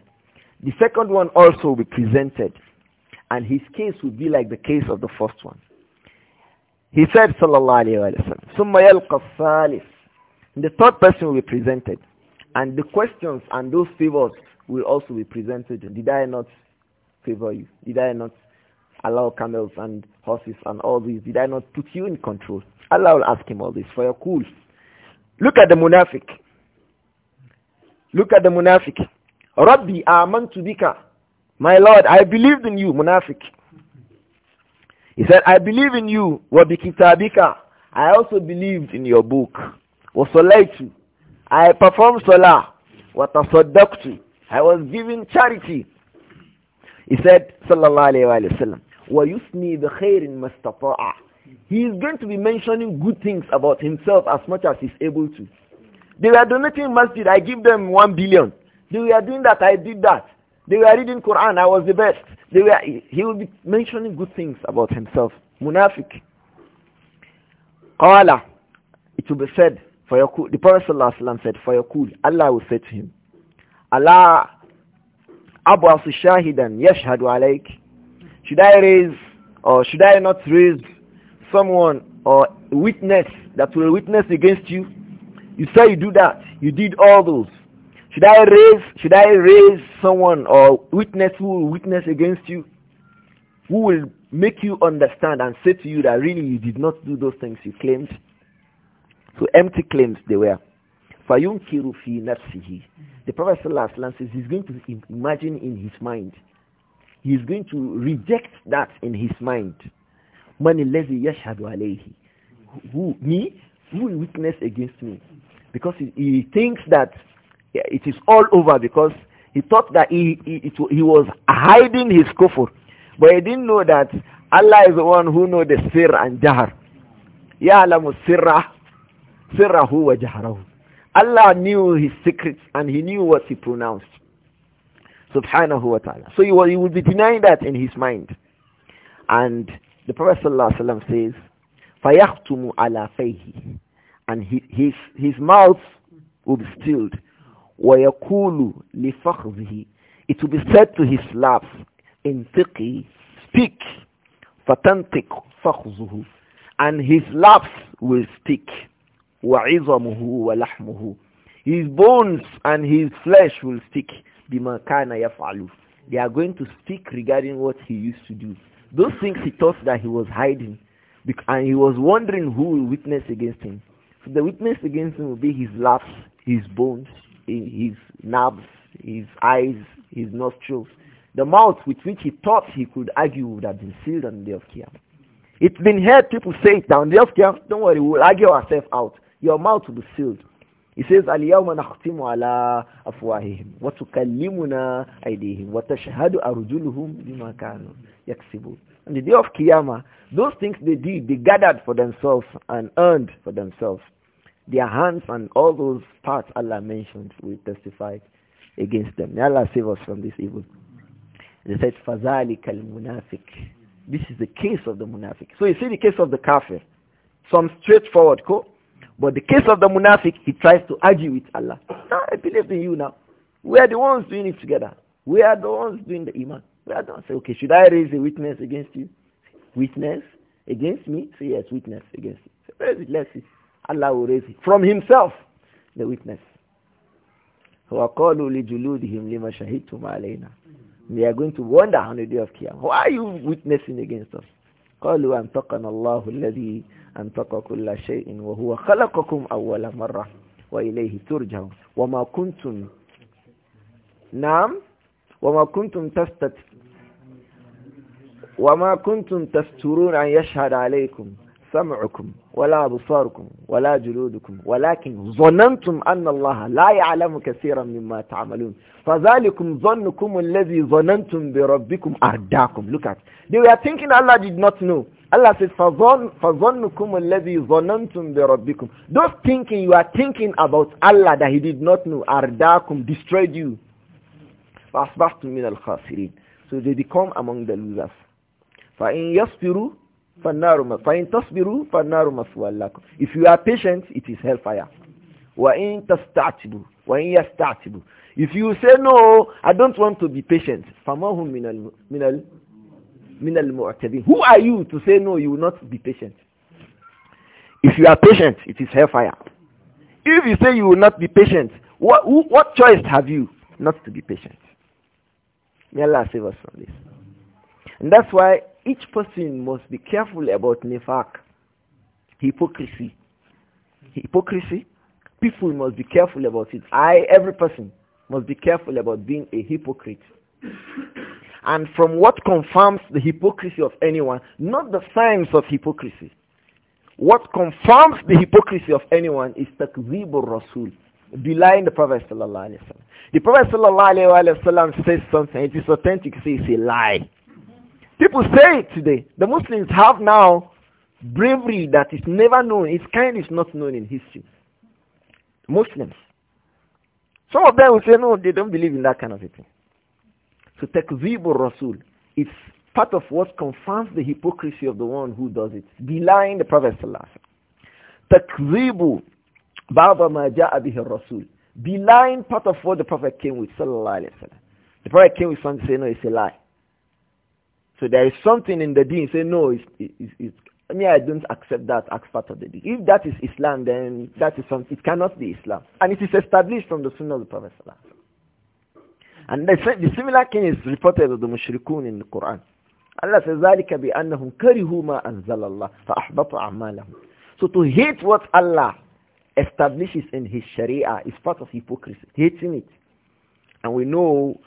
S1: The second one also will be presented. And his case will be like the case of the first one. He said, sallallahu alayhi wa sallam, ثُمَّ يَلْقَ The third person will be presented. And the questions and those favors will also be presented. Did I not favor you? Did I not allow camels and horses and all these? Did I not put you in control? Allah will ask him all this for your cool. Look at the munafiq. Look at the munafiq. Rabbi amantu bika. My Lord, I believed in you, munafiq. He said, I believe in you, wa bikitabika. I also believed in your book. Wa salaitu. I performed salah. Wa tasaddaqtu. I was giving charity. He said, sallallahu alayhi wa sallam, وَيُثْنِي بِخَيْرٍ مَسْتَطَاعَ He is going to be mentioning good things about himself as much as he's able to. They were donating masjid, I give them one billion. They were doing that, I did that. They were reading Quran, I was the best. They were, he will be mentioning good things about himself. Munafiq. Qala. It will be said, for your cool. the Prophet Wasallam said, for your cool. Allah will say to him, Allah abu shahidan yashhadu alayk. Should I raise or should I not raise someone or witness that will witness against you? You say you do that. You did all those. Should I raise should I raise someone or witness who will witness against you? Who will make you understand and say to you that really you did not do those things you claimed? So empty claims they were. Fayun kirufi نَفْسِهِ The Prophet says he's going to imagine in his mind he is going to reject that in his mind. Man الَّذِي يَشْهَدُ عَلَيْهِ Who? Me? Who will witness against me? Because he, he thinks that it is all over because he thought that he, he, it, he was hiding his kufr. But he didn't know that Allah is the one who knows the sir and jahar. يَعْلَمُ السِّرَّ سِرَّهُ وَجَهْرَهُ Allah knew his secrets and he knew what he pronounced subhanahu wa ta'ala. So he will, he would be denying that in his mind. And the Prophet sallallahu says, فَيَخْتُمُ عَلَى فَيْهِ And he, his, his mouth will be stilled. وَيَقُولُ لِفَخْذِهِ It will be said to his lips, انتقي, speak, فَتَنْتِقْ فَخْذُهُ And his lips will Wa وَعِظَمُهُ وَلَحْمُهُ His bones and his flesh will stick bima yaf'alu. They are going to speak regarding what he used to do. Those things he thought that he was hiding, and he was wondering who will witness against him. So the witness against him will be his laughs, his bones, his nerves, his eyes, his nostrils. The mouth with which he thought he could argue would have been sealed on the day of Qiyam. It's been heard people say it down. The day of Qiyam, don't worry, we'll argue ourselves out. Your mouth will be sealed. He says, اليوم نختم على أفواههم وتكلمنا أيديهم وتشهد أرجلهم بما كانوا يكسبون. On the day of Qiyamah, those things they did, they gathered for themselves and earned for themselves. Their hands and all those parts Allah mentioned will testify against them. May Allah save us from this evil. They said, فَذَلِكَ munafik." This is the case of the munafiq. So you see the case of the kafir. Some straightforward quote but the case of the munafiq, he tries to argue with Allah. No, ah, I believe in you now. We are the ones doing it together. We are the ones doing the iman. We are the ones say, okay, should I raise a witness against you? Witness against me? Say yes, witness against you. Say, raise it, let's see. Allah will raise it from himself, the witness. وَقَالُوا لِجُلُودِهِمْ لِمَا شَهِدْتُمْ عَلَيْنَا They are going to wonder on the day of Qiyamah. Why are you witnessing against us? قالوا أنطقنا الله الذي أنطق كل شيء وهو خلقكم أول مرة وإليه ترجعون وما كنتم نعم وما كنتم تفتت وما كنتم تفترون أن يشهد عليكم سمعكم ولا بصاركم ولا جلودكم ولكن ظننتم أن الله لا يعلم كثيرا مما تعملون فذلكم ظنكم الذي ظننتم بربكم أرداكم look at they were thinking Allah did not know Allah says fazannukum allazi zannantum bi rabbikum those thinking you are thinking about Allah that he did not know ardaakum destroy you fasbahtum min al-khasirin so they become among the losers fa in yasbiru fannaru fa in tasbiru fannaru maswallakum if you are patient it is hellfire wa in tastatibu wa in yastatibu if you say no i don't want to be patient famahum min al min al who are you to say no, you will not be patient? If you are patient, it is hellfire. If you say you will not be patient, what, who, what choice have you not to be patient? May Allah save us from this. And that's why each person must be careful about nifaq, hypocrisy. Hypocrisy, people must be careful about it. I, every person, must be careful about being a hypocrite and from what confirms the hypocrisy of anyone, not the signs of hypocrisy. What confirms the hypocrisy of anyone is takzibur rasul, belying the Prophet sallallahu alaihi wasallam. The Prophet sallallahu alaihi wasallam says something, it is authentic, it's a lie. People say it today. The Muslims have now bravery that is never known. Its kind is not known in history. Muslims. Some of them will say, no, they don't believe in that kind of thing. So takzibur rasul, it's part of what confirms the hypocrisy of the one who does it, denying the Prophet sallallahu Takzibu ba'da ma ja'a bihi rasul, denying part of what the Prophet came with The Prophet came with something saying no, it's a lie. So there is something in the deen say no, it's, it's, it's I mean, I don't accept that as part of the deen. If that is Islam, then that is something. It cannot be Islam, and it is established from the Sunnah of the Prophet sallallahu and the, the similar thing is reported of the mushrikun in the Quran. Allah says, ذَلِكَ بِأَنَّهُمْ كَرِهُوا مَا أَنزَلَ اللَّهُ فَأَحْبَطَ أَعْمَالَهُمْ So to hate what Allah establishes in His Sharia is part of hypocrisy, hating it. And we know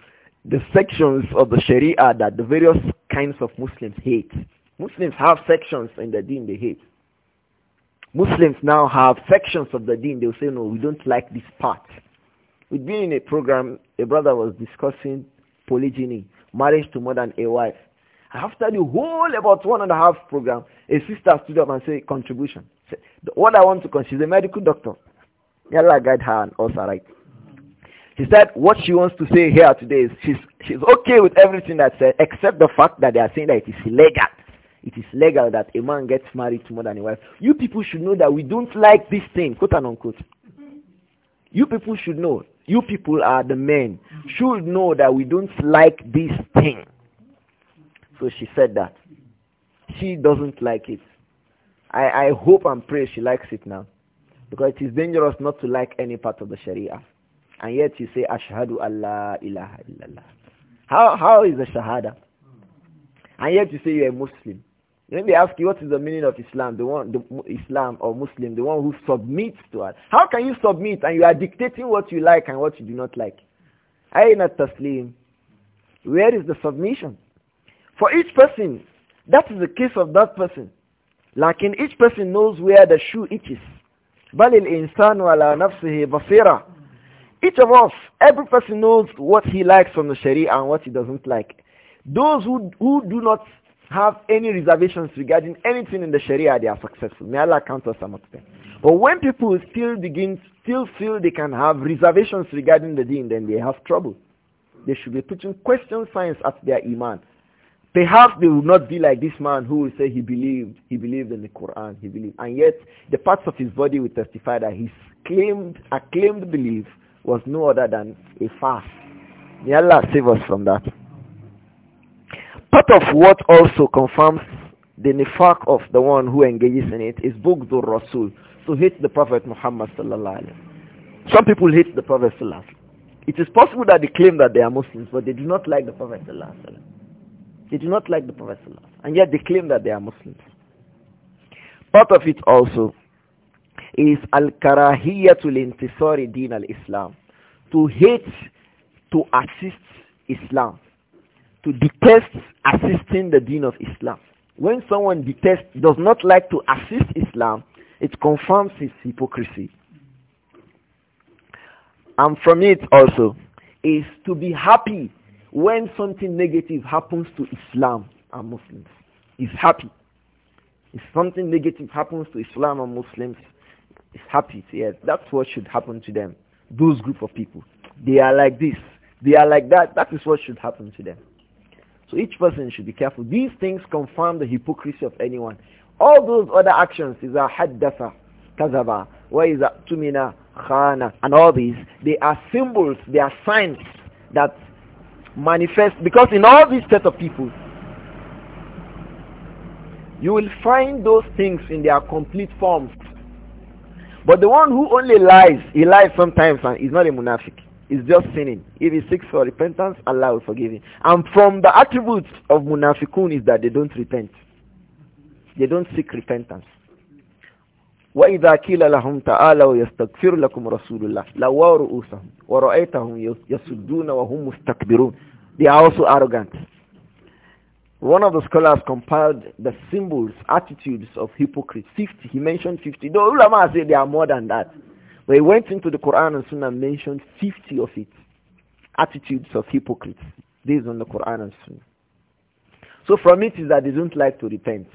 S1: the sections of the Sharia that the various kinds of Muslims hate. Muslims have sections in the deen they hate. Muslims now have sections of the deen they will say, no, we don't like this part. We'd been in a program, a brother was discussing polygyny, marriage to more than a wife. After the whole about one and a half program, a sister stood up and said, contribution. Said, what I want to consider, she's a medical doctor. Allah guide her and us right. She said what she wants to say here today is she's, she's okay with everything that's said except the fact that they are saying that it is illegal. It is legal that a man gets married to more than a wife. You people should know that we don't like this thing, quote and unquote. You people should know you people are the men. Should know that we don't like this thing. So she said that. She doesn't like it. I, I hope and pray she likes it now. Because it is dangerous not to like any part of the Sharia. And yet you say, Ashhadu Allah ilaha illallah. How, how is the Shahada? And yet you say you're a Muslim. Let me ask you what is the meaning of Islam, the one, the Islam or Muslim, the one who submits to us. How can you submit and you are dictating what you like and what you do not like? a taslim. Where is the submission? For each person, that is the case of that person. Like in each person knows where the shoe itches. Each of us, every person knows what he likes from the Sharia and what he doesn't like. Those who, who do not have any reservations regarding anything in the Sharia, they are successful. May Allah count us amongst them. But when people still begin, still feel they can have reservations regarding the deen, then they have trouble. They should be putting question signs at their iman. Perhaps they will not be like this man who will say he believed, he believed in the Quran, he believed. And yet the parts of his body will testify that his claimed, acclaimed belief was no other than a fast. May Allah save us from that. Part of what also confirms the nifaq of the one who engages in it is bughdur rasul. So hate the Prophet Muhammad sallallahu alaihi Some people hate the Prophet sallallahu It is possible that they claim that they are Muslims, but they do not like the Prophet sallallahu They do not like the Prophet sallallahu and yet they claim that they are Muslims. Part of it also is al-karahiyatul intisari din al-Islam. To hate to assist Islam to detest assisting the deen of Islam. When someone detests, does not like to assist Islam, it confirms his hypocrisy. And from it also is to be happy when something negative happens to Islam and Muslims. Is happy. If something negative happens to Islam and Muslims, is happy. Yes, that's what should happen to them. Those group of people. They are like this. They are like that. That is what should happen to them. So each person should be careful. These things confirm the hypocrisy of anyone. All those other actions, is a haddasa, kazaba, wa a tumina, khana, and all these, they are symbols, they are signs that manifest. Because in all these sets of people, you will find those things in their complete forms. But the one who only lies, he lies sometimes and is not a munafik is just sinning. If he seeks for repentance, Allah will forgive him. And from the attributes of munafiqun is that they don't repent. They don't seek repentance. وإذا قيل لهم تعالوا يستغفر لكم رسول الله لووا رؤوسهم ورأيتهم wa وهم مستكبرون They are also arrogant. One of the scholars compiled the symbols, attitudes of hypocrites. 50, he mentioned 50. The ulama say there are more than that. They went into the Quran and Sunnah and mentioned 50 of its Attitudes of hypocrites based on the Quran and Sunnah. So from it is that they don't like to repent.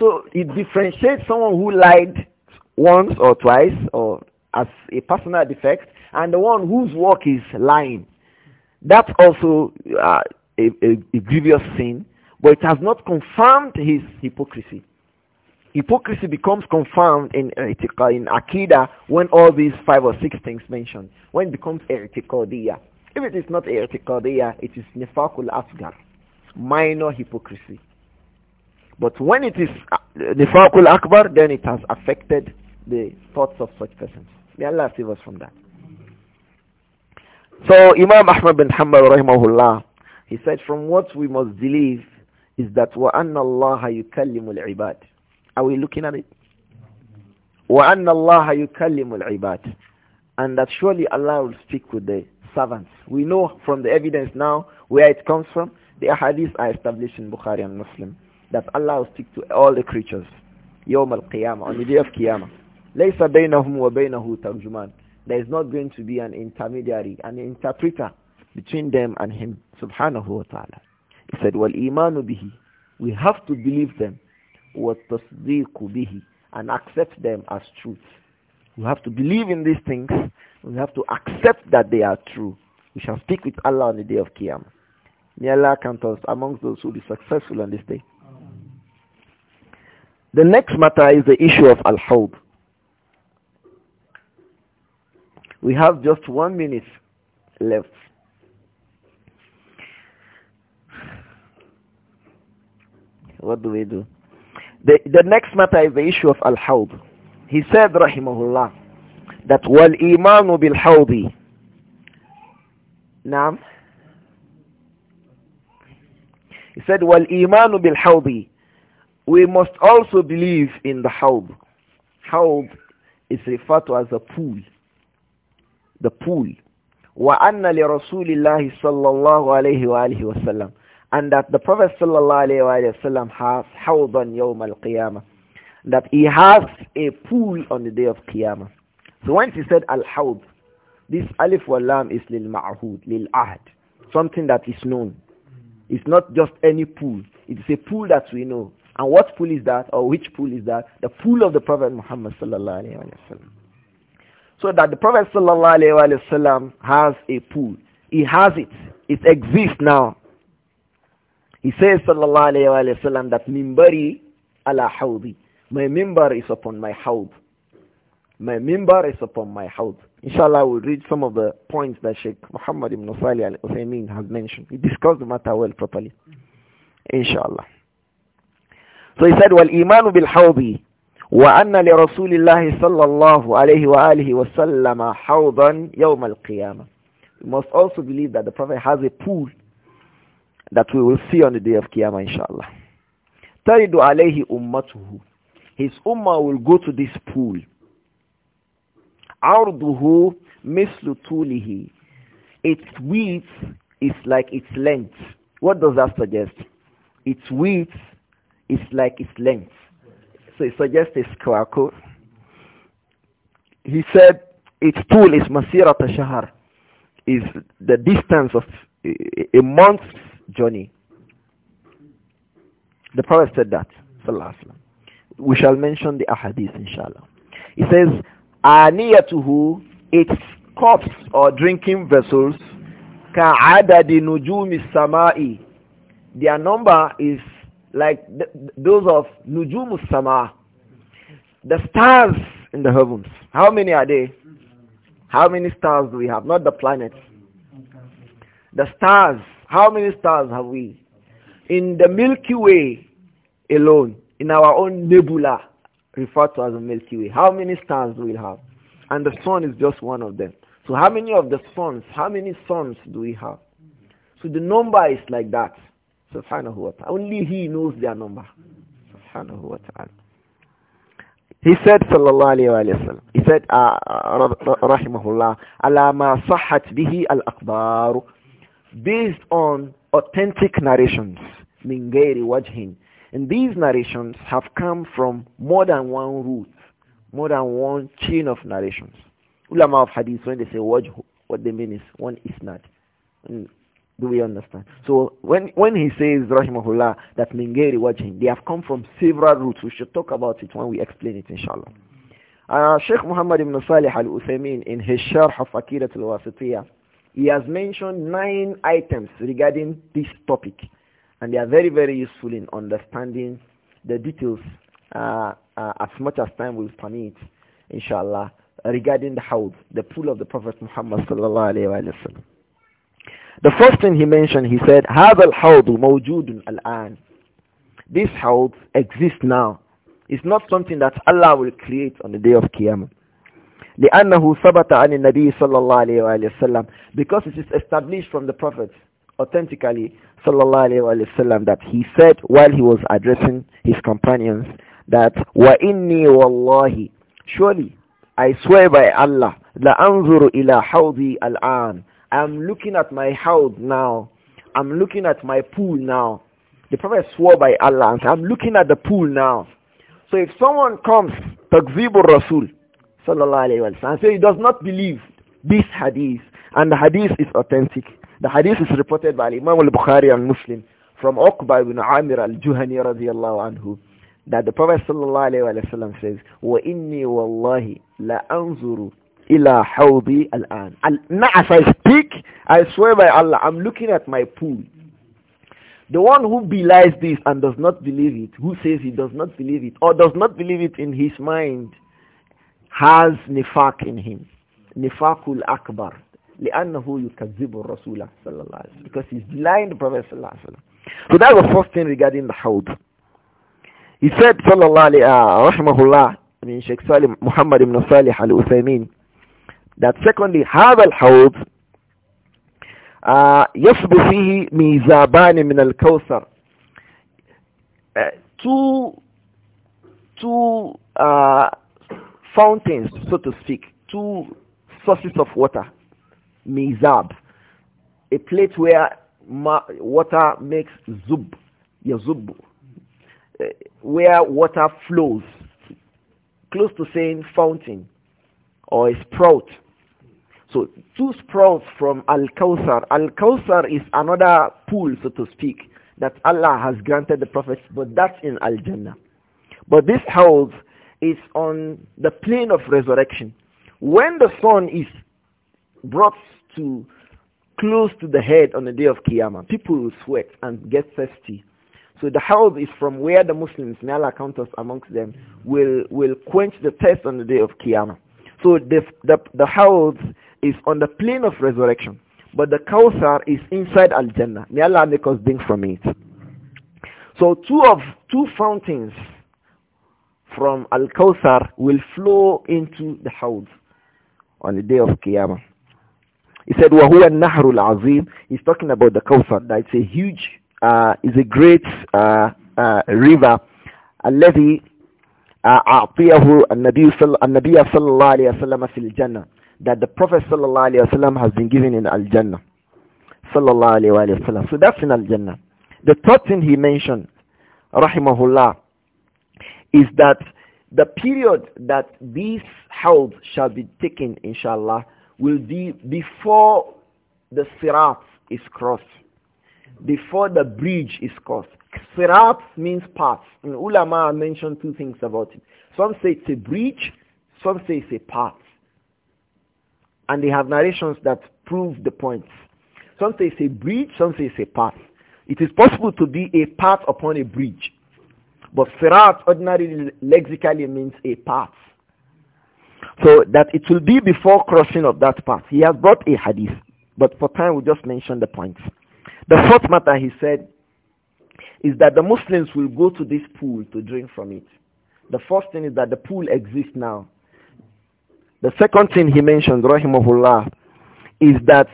S1: So it differentiates someone who lied once or twice or as a personal defect and the one whose work is lying. That's also uh, a, a, a grievous sin, but it has not confirmed his hypocrisy hypocrisy becomes confirmed in uh, in akida when all these five or six things mentioned when it becomes irtiqadiyah if it is not irtiqadiyah it is nifaqul asgar, minor hypocrisy but when it is uh, nifaqul akbar then it has affected the thoughts of such persons may Allah save us from that so Imam Ahmad bin Hanbal rahimahullah he said from what we must believe is that wa anna Allah yukallimu ibad are we looking at it? وَأَنَّ اللَّهَ يُكَلِّمُ الْعِبَادِ And that surely Allah will speak with the servants. We know from the evidence now where it comes from. The ahadith are established in Bukhari and Muslim. That Allah will speak to all the creatures. يوم القيامة On the day of Qiyamah. لَيْسَ بَيْنَهُمْ وَبَيْنَهُ تَرْجُمَانٌ There is not going to be an intermediary, an interpreter between them and him. Subhanahu wa ta'ala. He said, وَالْإِيمَانُ بِهِ We have to believe them. وَالتَّصْدِيقُ بِهِ and accept them as truth. We have to believe in these things. We have to accept that they are true. We shall speak with Allah on the day of Qiyam. May Allah count us amongst those who will be successful on this day. The next matter is the issue of Al-Hawd. We have just one minute left. What do we do? The, the next matter is the issue of al-hawd. He said, rahimahullah, that wal-imanu bil-hawdi. Naam. He said, wal-imanu bil-hawdi. We must also believe in the hawd. Hawd is referred to as a pool. The pool. وأن لرسول الله صلى الله عليه وآله وسلم and that the Prophet ﷺ has Hawdan Yawm al-Qiyamah, that he has a pool on the day of Qiyamah. So once he said Al-Hawd, this Alif wal Lam is lil Ma'hud, lil Ahd, something that is known. It's not just any pool. It's a pool that we know. And what pool is that or which pool is that? The pool of the Prophet Muhammad sallallahu wasallam. So that the Prophet sallallahu wasallam has a pool. He has it. It exists now. He says, sallallahu alayhi wa sallam, that mimbari ala hawdi. My mimbar is upon my hawd. My mimbar is upon my hawd. Inshallah, we'll read some of the points that Sheikh Muhammad ibn Salih al-Uthaymeen has mentioned. He discussed the matter well properly. Inshallah. So he said, وَالْإِيمَانُ بِالْحَوْضِ وَأَنَّ لِرَسُولِ اللَّهِ صَلَّى اللَّهُ عَلَيْهِ وَآلِهِ وَسَلَّمَ حَوْضًا يَوْمَ الْقِيَامَةِ We must also believe that the Prophet has a pool that we will see on the day of Qiyamah inshallah. Taridu alayhi ummatuhu. His ummah will go to this pool. Arduhu mislu tulihi. Its width is like its length. What does that suggest? Its width is like its length. So it suggests a square code. He said its tool is Masirat Shahar, is the distance of a month's journey. The Prophet said that. We shall mention the ahadith inshallah. He says, Aniyatuhu, its cups or drinking vessels, ka'adadi nujumi sama'i. Their number is like th those of nujumu sama, the stars in the heavens. How many are they? How many stars do we have? Not the planets. The stars how many stars have we? In the Milky Way alone, in our own nebula, referred to as the Milky Way, how many stars do we have? And the sun is just one of them. So how many of the suns, how many suns do we have? So the number is like that. Subhanahu wa ta'ala. Only he knows their number. Subhanahu wa ta'ala. He said, sallallahu alayhi wa, alayhi he said, uh, uh rahimahullah, ala ma sahat bihi al-akbaru based on authentic narrations, min wajhin. And these narrations have come from more than one root, more than one chain of narrations. Ulama of hadith, when they say wajhu, what they mean is one is not. Do we understand? So when, when he says, rahimahullah, that mingeri wajhin, they have come from several roots. We should talk about it when we explain it, inshallah. Uh, Sheikh Muhammad ibn Salih al-Uthaymeen, in his Sharh of Akirat al-Wasitiyah, he has mentioned nine items regarding this topic, and they are very, very useful in understanding the details uh, uh, as much as time will permit, inshallah, regarding the house, the pool of the Prophet Muhammad sallallahu alayhi wa sallam. The first thing he mentioned, he said, هذا الحوض موجود الآن. This house exists now. It's not something that Allah will create on the day of Qiyamah. لأنه ثبت عن النبي صلى الله عليه وآله وسلم because it is established from the Prophet authentically صلى الله عليه وآله وسلم that he said while he was addressing his companions that وإني والله surely I swear by Allah ila إلى حوضي الآن I'm looking at my house now I'm looking at my pool now the Prophet swore by Allah and said, I'm looking at the pool now so if someone comes تكذيب الرسول Sallallahu alayhi wa sallam. he does not believe this hadith. And the hadith is authentic. The hadith is reported by Imam al-Bukhari and Muslim from Uqba ibn Amir al-Juhani radiyallahu anhu that the Prophet sallallahu alayhi wa sallam says, وَإِنِّي وَاللَّهِ لَأَنْظُرُ إِلَى حَوْضِي الْآنِ Now as I speak, I swear by Allah, I'm looking at my pool. The one who belies this and does not believe it, who says he does not believe it, or does not believe it in his mind, has nifaq in him. Nifaqul akbar. لأنه يكذب الرسول صلى الله عليه وسلم because he's denying the Prophet صلى الله عليه وسلم. So that's the first thing regarding the Hawd. He said صلى الله عليه رحمه الله من شيخ سالم محمد بن صالح الأثيمين that secondly هذا الحوض uh, يصب فيه ميزابان من الكوثر uh, two two uh, fountains, so to speak, two sources of water. Mizab, a place where water makes zub, yazub, eh, where water flows, close to saying fountain or a sprout. So two sprouts from Al-Kawthar. Al-Kawthar is another pool, so to speak, that Allah has granted the prophets, but that's in Al-Jannah. But this house is on the plane of resurrection. When the sun is brought to close to the head on the day of Qiyamah, people will sweat and get thirsty. So the house is from where the Muslims, may Allah count us amongst them, will, will quench the thirst on the day of Qiyamah. So the, the, the house is on the plane of resurrection. But the Kawthar is inside Al-Jannah. May Allah make us drink from it. So two of two fountains from Al-Kawthar will flow into the Hawd on the day of Qiyamah. He said, وَهُوَ النَّهْرُ الْعَظِيمُ He's talking about the Kawthar, that it's a huge, uh, it's a great uh, uh, river. الذي أعطيه النبي صلى, النبي صلى الله عليه وسلم في الجنة that the Prophet صلى الله عليه وسلم has been given in Al-Jannah. صلى الله عليه وسلم. So that's in Al-Jannah. The third thing he mentioned, رحمه الله, is that the period that this health shall be taken, inshallah, will be before the sirat is crossed, before the bridge is crossed. Sirat means path. And ulama mentioned two things about it. Some say it's a bridge, some say it's a path. And they have narrations that prove the points. Some say it's a bridge, some say it's a path. It is possible to be a path upon a bridge. But sirat ordinarily lexically means a path. So that it will be before crossing of that path. He has brought a hadith, but for time we'll just mention the points. The fourth matter he said is that the Muslims will go to this pool to drink from it. The first thing is that the pool exists now. The second thing he mentioned, rahimahullah, is that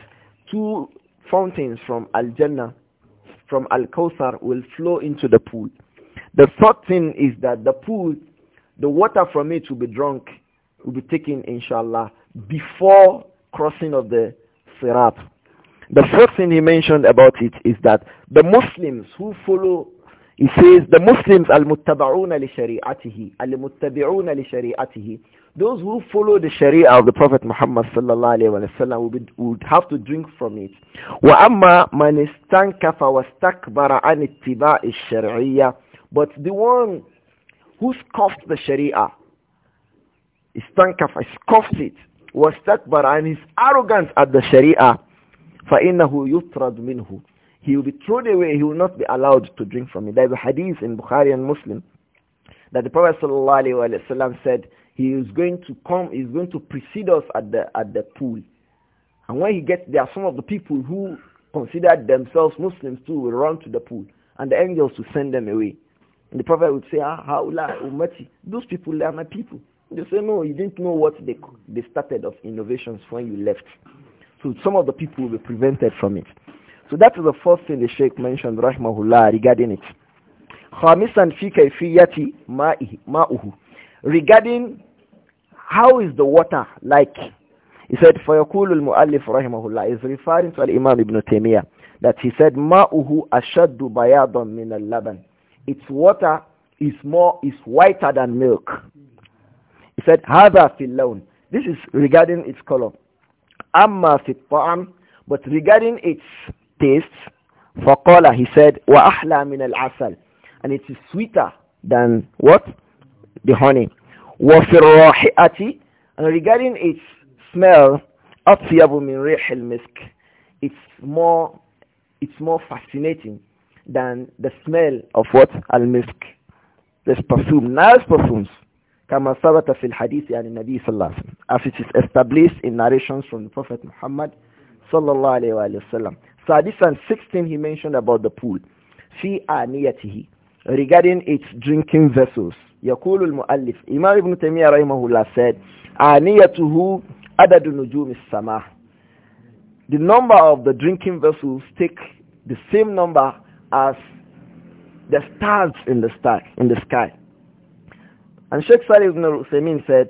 S1: two fountains from Al-Jannah, from Al-Kawthar, will flow into the pool. The third thing is that the pool, the water from it will be drunk, will be taken, inshallah, before crossing of the Sirat. The first thing he mentioned about it is that the Muslims who follow, he says, the Muslims al-muttaba'una li shari'atihi, al-muttabi'una li shari'atihi, those who follow the sharia of the Prophet Muhammad sallallahu alayhi wa sallam would, would have to drink from it. وَأَمَّا مَنِ اسْتَنْكَفَ وَاسْتَكْبَرَ عَنِ اتِّبَاعِ الشَّرْعِيَّةِ but the one who scoffed the Sharia, istankaf, scoffed it, was takbar and is arrogant at the Sharia, فَإِنَّهُ يُطْرَدْ مِنْهُ He will be thrown away, he will not be allowed to drink from it. There is a hadith in Bukhari and Muslim that the Prophet wasallam said, he is going to come, he is going to precede us at the, at the pool. And when he gets there, some of the people who considered themselves Muslims too will run to the pool. And the angels will send them away the Prophet would say, ah, umati. Those people, they are my people. They say, no, you didn't know what they, they started of innovations when you left. So some of the people will be prevented from it. So that is the first thing the Sheikh mentioned, Rahmahullah, regarding it. Khamisan fi kayfiyati ma'uhu. Regarding how is the water like? He said, فَيَقُولُ الْمُؤَلِّفُ رَحِمَهُ اللَّهِ is referring to Al-Imam Ibn Taymiyyah that he said, مَاءُهُ bayadun min al-laban." its water is more is whiter than milk. He said, "Hada fil lawn." This is regarding its color. Amma fit but regarding its taste, faqala he said, "Wa ahla min al-asal." And it is sweeter than what? The honey. Wa fil and regarding its smell, atyabu min rih al-misk. It's more it's more fascinating than the smell of what? Al-misk. This perfume, nice perfumes. كما ثبت في الحديث عن النبي صلى الله عليه وسلم as it is established in narrations from the Prophet Muhammad صلى الله عليه وآله وسلم so this and 16 he mentioned about the pool في آنيته regarding its drinking vessels يقول المؤلف إمام ابن تيمية رحمه الله said آنيته عدد نجوم السماء the number of the drinking vessels take the same number as the stars in the sky. In the sky. And Sheikh Salih ibn al-Uthaymeen said,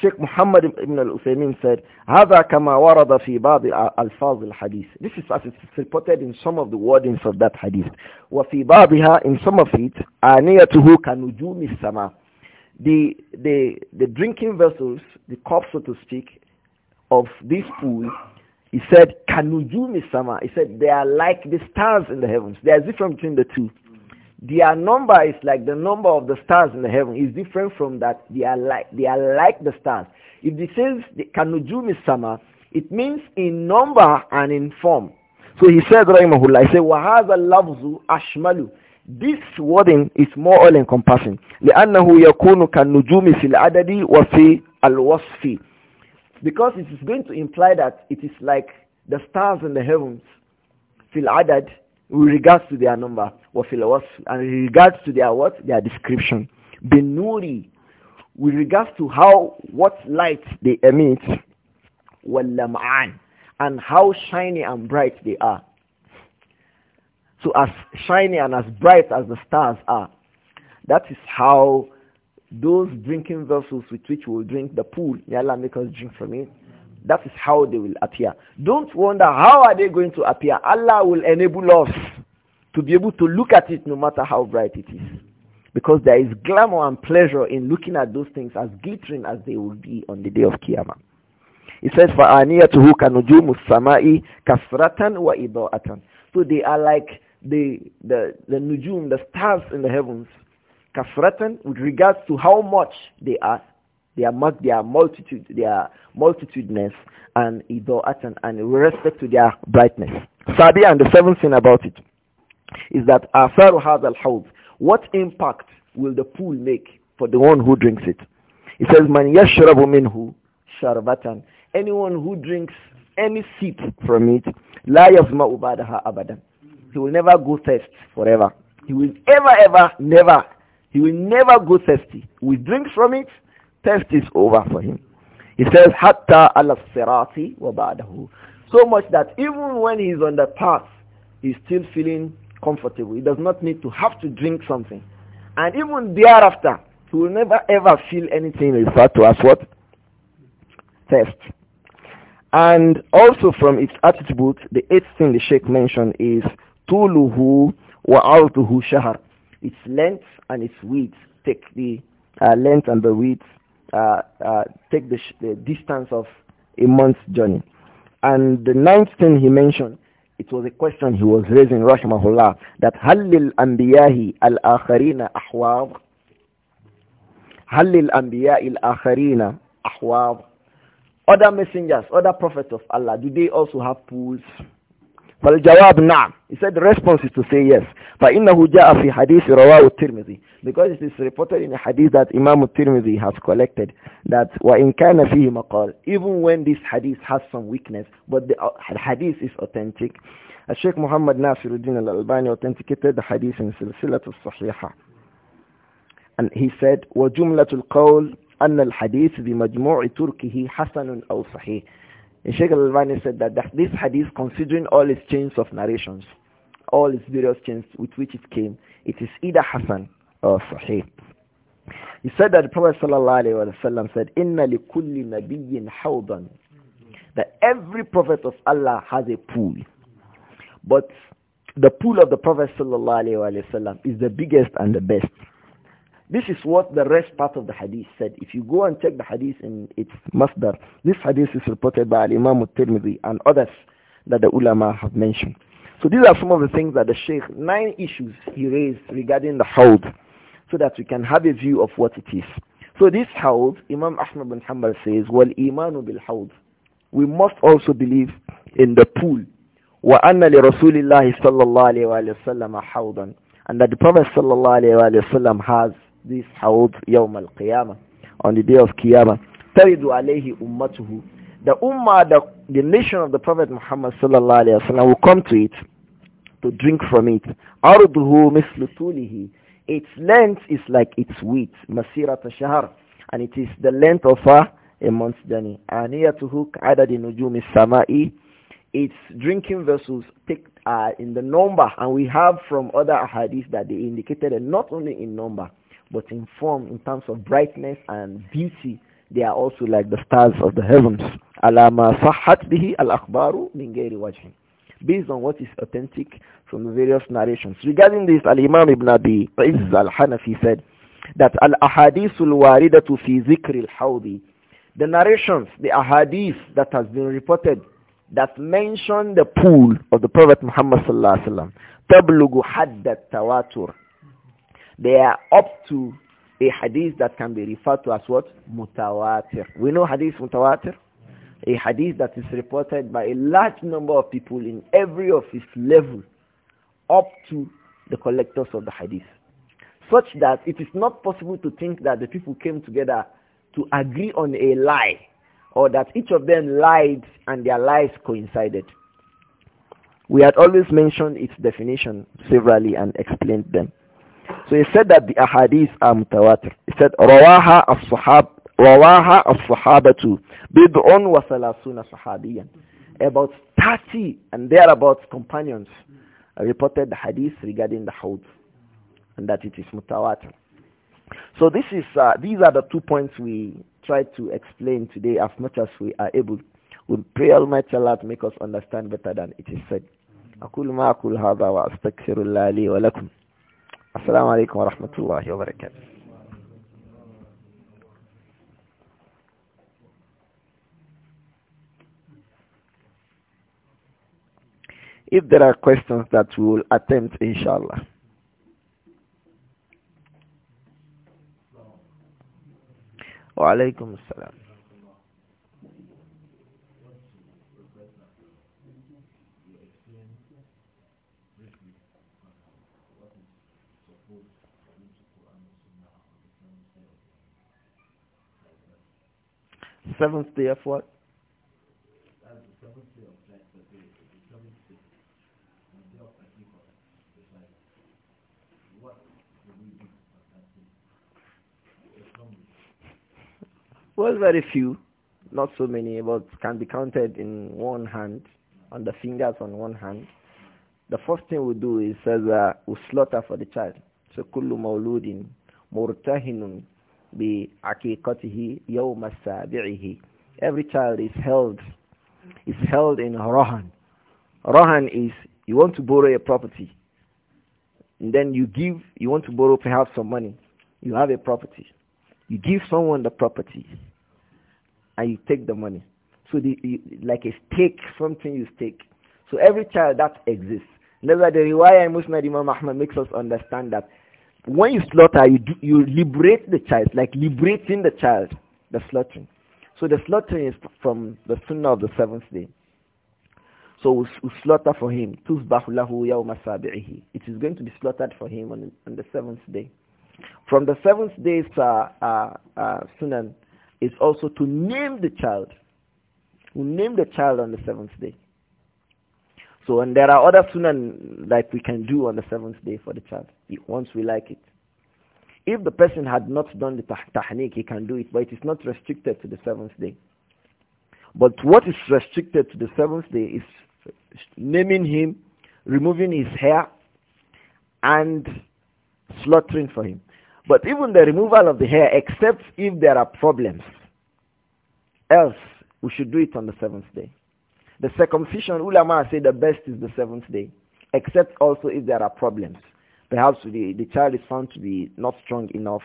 S1: Sheikh Muhammad ibn al-Uthaymeen said, هذا كما ورد في بعض ألفاظ الحديث. This is as it's reported in some of the wordings of that hadith. وفي بعضها, in some of it, آنيته كنجوم السماء. The, the, the drinking vessels, the cups so to speak, of this pool he said, Kanujumi Sama. He said, they are like the stars in the heavens. There is difference between the two. Their number is like the number of the stars in the heaven. It's different from that. They are like, they are like the stars. If it says Kanujumi Sama, it means in number and in form. So he said, Rahimahullah, he said, "Wahaza اللَّفْزُ ashmalu." This wording is more all-encompassing. لِأَنَّهُ يَكُونُ كَالنُّجُومِ فِي الْعَدَدِ وَفِي الْوَصْفِ because it is going to imply that it is like the stars in the heavens, fil adad, with regards to their number, or fil and with regards to their what? Their description. Binuri, with regards to how, what light they emit, wal lam'an, and how shiny and bright they are. So as shiny and as bright as the stars are, that is how those drinking vessels with which we will drink the pool, may Allah make us drink from it. That is how they will appear. Don't wonder how are they going to appear. Allah will enable us to be able to look at it no matter how bright it is. Because there is glamour and pleasure in looking at those things as glittering as they will be on the day of Qiyamah. It says, فَآنِيَتُهُ كَنُجُومُ السَّمَاءِ كَسْرَةً وَإِضَاءَةً So they are like the, the, the nujum, the stars in the heavens, Kafratan with regards to how much they are, their, their multitude, their multitudinous and idoatan and with respect to their brightness. Sabi and the seventh thing about it is that Asaru has al What impact will the pool make for the one who drinks it? It says, Man yashrabu minhu sharbatan. Anyone who drinks any sip from it, la yasma'u badaha abadan. He will never go thirst forever. He will ever, ever, never he will never go thirsty. We drink from it, thirst is over for him. He says, Hatta ala sirati wabadahu," So much that even when he is on the path, he's still feeling comfortable. He does not need to have to drink something. And even thereafter, he will never ever feel anything referred to as what? Thirst. And also from its attributes, the eighth thing the Sheikh mentioned is Tuluhu wa altuhu shahar its length and its width. Take the uh, length and the width. Uh, uh, take the, the distance of a month's journey. And the ninth thing he mentioned, it was a question he was raising, rahimahullah, that halil anbiyahi al-akharina ahwab. Halil anbiyahi al-akharina ahwab. Other messengers, other prophets of Allah, do they also have pools? فالجواب نعم. He said the response is to say yes. فإنه جاء في حديث رواه الترمذي. Because it is reported in a hadith that Imam al-Tirmidhi has collected that وإن كان فيه مقال even when this hadith has some weakness but the uh, hadith is authentic. Sheikh Muhammad Nasiruddin al-Albani authenticated the hadith in سلسلة الصحيحة. And he said وجملة القول أن الحديث بمجموع تركه حسن أو صحيح. And Sheikh al-Albani said that this hadith, considering all its chains of narrations, all its various chains with which it came, it is either Hassan or Sahih. He said that the Prophet ﷺ said, "Inna li kulli nabiyyin hawdan." That every prophet of Allah has a pool, but the pool of the Prophet ﷺ is the biggest and the best. This is what the rest part of the hadith said. If you go and check the hadith in its masdar, this hadith is reported by Imam al-Tirmidhi and others that the ulama have mentioned. So these are some of the things that the sheikh, nine issues he raised regarding the hold, so that we can have a view of what it is. So this hold, Imam Ahmad bin Hanbal says, "Well, imanu bil hold." We must also believe in the pool. وأن لرسول الله صلى الله عليه وسلم حوضا and that the Prophet صلى الله عليه وسلم has this Haud Yawm al-Qiyamah, on the day of Qiyamah. Taridu alayhi ummatuhu. The ummah, the, the nation of the Prophet Muhammad sallallahu alayhi wa sallam will come to it to drink from it. Arduhu mislutulihi. Its length is like its width, masirat shahar, and it is the length of a, a month's journey. Aniyatuhu ka'adadi nujumi sama'i. Its drinking vessels take uh, in the number, and we have from other hadiths that they indicated, and not only in number, but in form, in terms of brightness and beauty, they are also like the stars of the heavens. Based on what is authentic from the various narrations. Regarding this, Al-Imam Ibn Abi Izz al-Hanafi said that al al-waridatu fi al-hawdi. The narrations, the ahadith that has been reported that mention the pool of the Prophet Muhammad sallallahu alaihi wasallam tablugu hadda tawatur they are up to a hadith that can be referred to as what? Mutawatir. We know hadith mutawatir? A hadith that is reported by a large number of people in every of its level up to the collectors of the hadith. Such that it is not possible to think that the people came together to agree on a lie or that each of them lied and their lies coincided. We had always mentioned its definition severally and explained them. So he said that the ahadith are mutawatir. He said, Rawaha as-sahab, Rawaha as-sahabatu, bid'un wa salasuna sahabiyan. About 30 and thereabouts companions reported the hadith regarding the Houd and that it is mutawatir. So this is, uh, these are the two points we try to explain today as much as we are able. We pray Almighty Allah to make us understand better than it is said. أقول ما أقول هذا وأستغفر الله لي ولكم السلام عليكم ورحمة الله وبركاته if there are questions that we will attempt inshallah. Wa alaikum assalam. seventh day of what? Well, very few, not so many, but can be counted in one hand, on the fingers on one hand. The first thing we do is says uh, we slaughter for the child. So kullu mauludin murtahinun بِعَقِيقَتِهِ يَوْمَ السَّابِعِهِ Every child is held, is held in Rohan. Rohan is, you want to borrow a property. And then you give, you want to borrow perhaps some money. You have a property. You give someone the property. And you take the money. So the, you, like a stake, something you stake. So every child that exists. That's why the riwayah mustn't Imam Ahmad makes us understand that when you slaughter, you, do, you liberate the child, like liberating the child, the slaughtering. So the slaughtering is from the sunnah of the seventh day. So we, we slaughter for him. It is going to be slaughtered for him on, on the seventh day. From the seventh day's uh, uh, uh, is also to name the child. We name the child on the seventh day so and there are other sunan like we can do on the seventh day for the child once we like it if the person had not done the tahniq he can do it but it is not restricted to the seventh day but what is restricted to the seventh day is naming him removing his hair and slaughtering for him but even the removal of the hair except if there are problems else we should do it on the seventh day the circumcision, ulama say the best is the seventh day, except also if there are problems. Perhaps the, the child is found to be not strong enough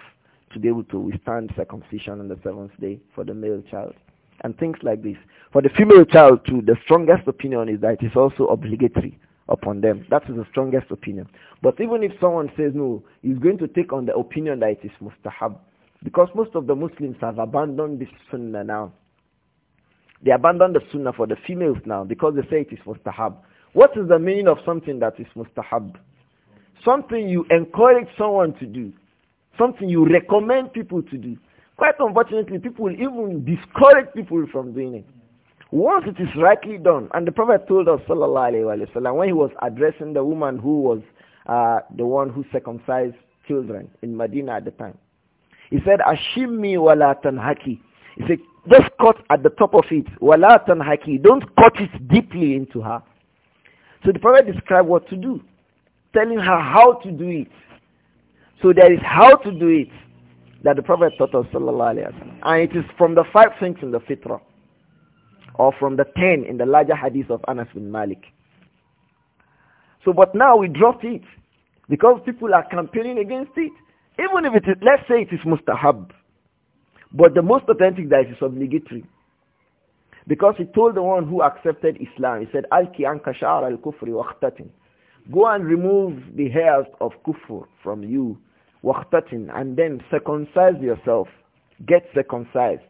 S1: to be able to withstand circumcision on the seventh day for the male child and things like this. For the female child too, the strongest opinion is that it is also obligatory upon them. That is the strongest opinion. But even if someone says no, he's going to take on the opinion that it is mustahab. Because most of the Muslims have abandoned this sunnah now. They abandon the sunnah for the females now because they say it is mustahab. What is the meaning of something that is mustahab? Something you encourage someone to do. Something you recommend people to do. Quite unfortunately, people even discourage people from doing it. Once it is rightly done, and the Prophet told us, sallallahu alaihi wasallam," when he was addressing the woman who was uh, the one who circumcised children in Medina at the time. He said, Ashimmi wala tanhaki. He said, just cut at the top of it. وَلَا تَنْحَكِي Don't cut it deeply into her. So the Prophet described what to do, telling her how to do it. So there is how to do it that the Prophet taught us sallallahu alayhi wa And it is from the five things in the fitrah or from the ten in the larger hadith of Anas bin Malik. So but now we dropped it because people are campaigning against it. Even if it is, let's say it is mustahab. But the most authentic that is obligatory. Because he told the one who accepted Islam, he said, Alki kashar al kufri waqtatin. Go and remove the hairs of kufr from you, waqtatin, and then circumcise yourself. Get circumcised.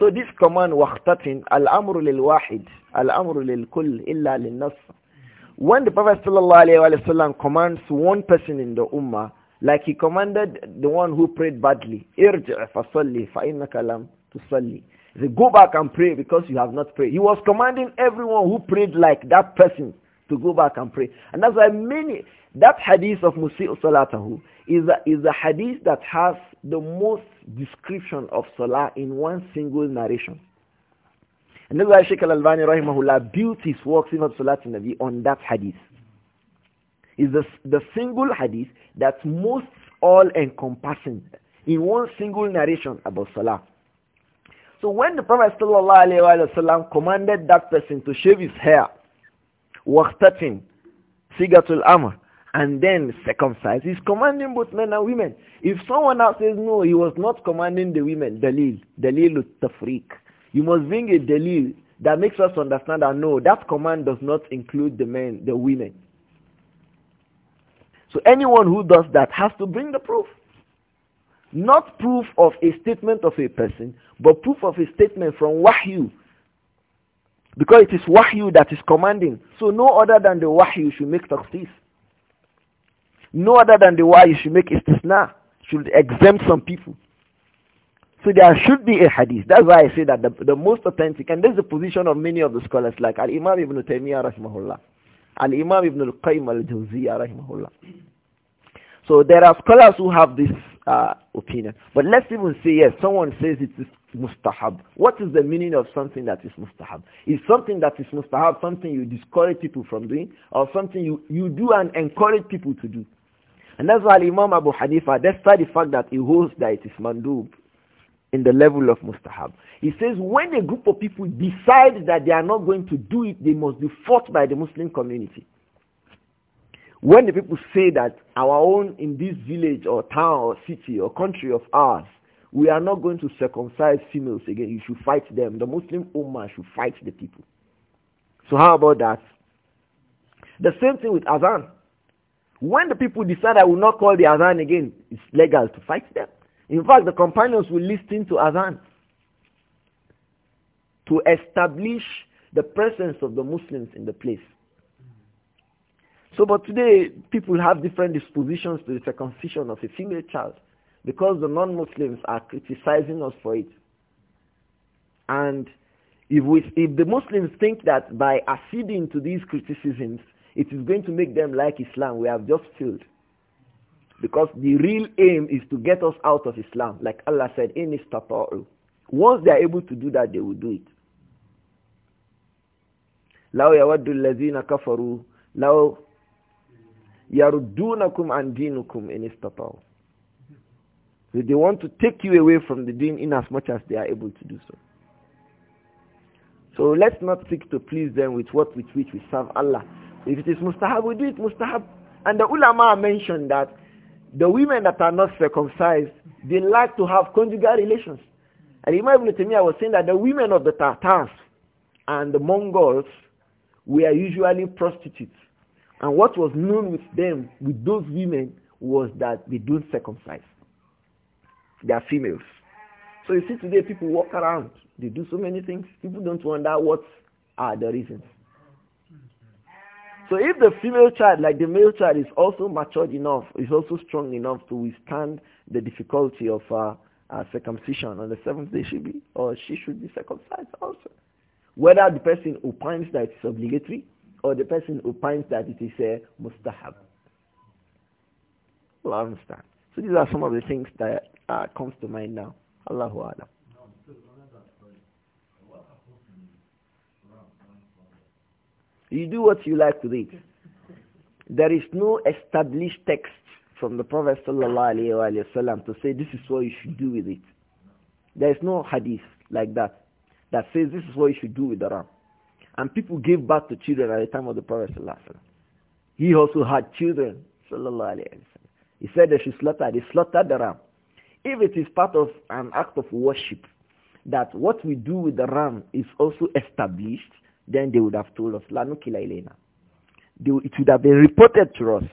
S1: So this command waqtatin, al-amru lil-wahid, al-amru lil-kull illa lil-nas. When the Prophet ﷺ commands one person in the ummah, like he commanded the one who prayed badly, He said, go back and pray because you have not prayed. He was commanding everyone who prayed like that person to go back and pray. And that's why many, that hadith of Musi'u Salatahu is a, is a hadith that has the most description of Salah in one single narration. And that's why Sheikh Al-Albani Rahimahullah built his works in Salat Nabi on that hadith is the, the single hadith that's most all-encompassing in one single narration about salah. So when the Prophet ﷺ commanded that person to shave his hair, waqtatin, sigatul amr, and then circumcise, he's commanding both men and women. If someone else says no, he was not commanding the women, dalil, dalil tafriq. You must bring a dalil that makes us understand that no, that command does not include the men, the women. So anyone who does that has to bring the proof. Not proof of a statement of a person, but proof of a statement from wahyu. Because it is wahyu that is commanding. So no other than the wahyu should make taqsis. No other than the wahyu should make istisna, should exempt some people. So there should be a hadith. That's why I say that the, the most authentic, and this is the position of many of the scholars like Al-Imam Ibn Taymiyyah rahimahullah, Al-Imam Ibn Al-Qayyim Al-Jawziyah rahimahullah. So there are scholars who have this uh, opinion. But let's even say yes, someone says it is mustahab. What is the meaning of something that is mustahab? Is something that is mustahab something you discourage people from doing or something you, you do and encourage people to do? And that's why Imam Abu Hanifa, despite the fact that he holds that it is mandub in the level of mustahab, he says when a group of people decide that they are not going to do it, they must be fought by the Muslim community. When the people say that our own in this village or town or city or country of ours, we are not going to circumcise females again. You should fight them. The Muslim Ummah should fight the people. So how about that? The same thing with Azan. When the people decide I will not call the Azan again, it's legal to fight them. In fact, the companions will listen to Azan to establish the presence of the Muslims in the place. So, but today, people have different dispositions to the circumcision of a female child because the non-Muslims are criticizing us for it. And if, we, if the Muslims think that by acceding to these criticisms, it is going to make them like Islam, we have just failed. Because the real aim is to get us out of Islam, like Allah said, in istata'u. Once they are able to do that, they will do it. لو يود الذين كفروا لو يَرُدُّونَكُمْ عَنْ دِينُكُمْ إِنِ اسْتَطَعُوا So they want to take you away from the deen in as much as they are able to do so. So let's not seek to please them with what with which we serve Allah. If it is mustahab, we do it mustahab. And the ulama mentioned that the women that are not circumcised, they like to have conjugal relations. And Imam Ibn Taymiyyah was saying that the women of the Tartars and the Mongols were usually prostitutes. And what was known with them, with those women, was that they don't circumcise. They are females. So you see today people walk around. They do so many things. People don't wonder what are the reasons. So if the female child, like the male child, is also matured enough, is also strong enough to withstand the difficulty of uh, uh, circumcision on the seventh day, she be or she should be circumcised also. Whether the person opines that it's obligatory or the person who opines that it is a uh, mustahab. Allah understand. So these are some of the things that uh, comes to mind now. Allahu Alam. You do what you like with it. There is no established text from the Prophet sallam to say this is what you should do with it. There is no hadith like that that says this is what you should do with the ram. And people gave birth to children at the time of the Prophet He also had children. He said they should slaughter. They slaughtered the ram. If it is part of an act of worship, that what we do with the ram is also established, then they would have told us, Lanukila Elena. it would have been reported to us.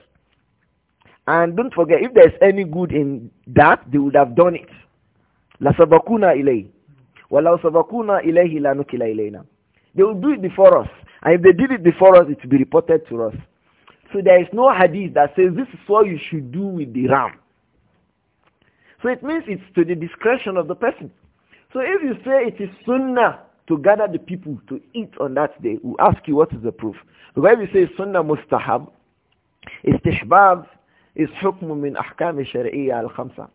S1: And don't forget, if there's any good in that, they would have done it. La sabakuna ilay. Walau sabakuna ilayhi ilayna. They will do it before us. And if they did it before us, it will be reported to us. So there is no hadith that says this is what you should do with the ram. So it means it's to the discretion of the person. So if you say it is sunnah to gather the people to eat on that day, we we'll ask you what is the proof. Because if you say sunnah mustahab, istihbab is hukm min ahkam shari'iyya al-khamsa.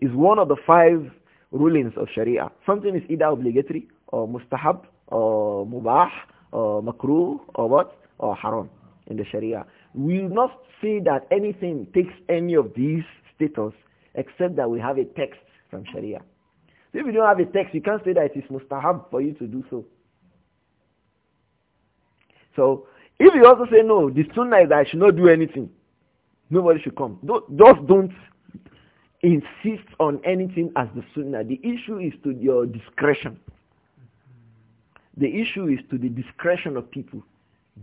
S1: Is one of the five rulings of sharia. Something is either obligatory or mustahab or uh, mubah or uh, makruh or what? Or haram in the Sharia. We will not say that anything takes any of these status except that we have a text from Sharia. So if you don't have a text, you can't say that it is mustahab for you to do so. So if you also say no, the sunnah is that I should not do anything. Nobody should come. Don't, just don't insist on anything as the sunnah. The issue is to your discretion. The issue is to the discretion of people.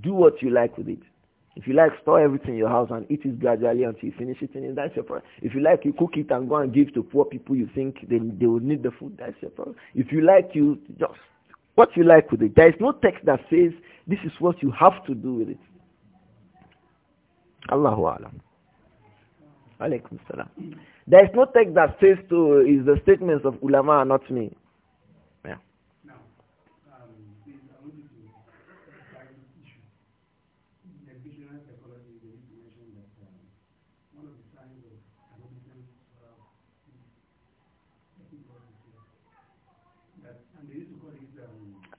S1: Do what you like with it. If you like, store everything in your house and eat it gradually until you finish it, and that's your problem. If you like, you cook it and go and give to poor people you think they, they will need the food, that's your problem. If you like, you just, what you like with it. There is no text that says this is what you have to do with it. Allahu Alam. Alaikum Salam. There is no text that says to, is the statements of ulama, not me.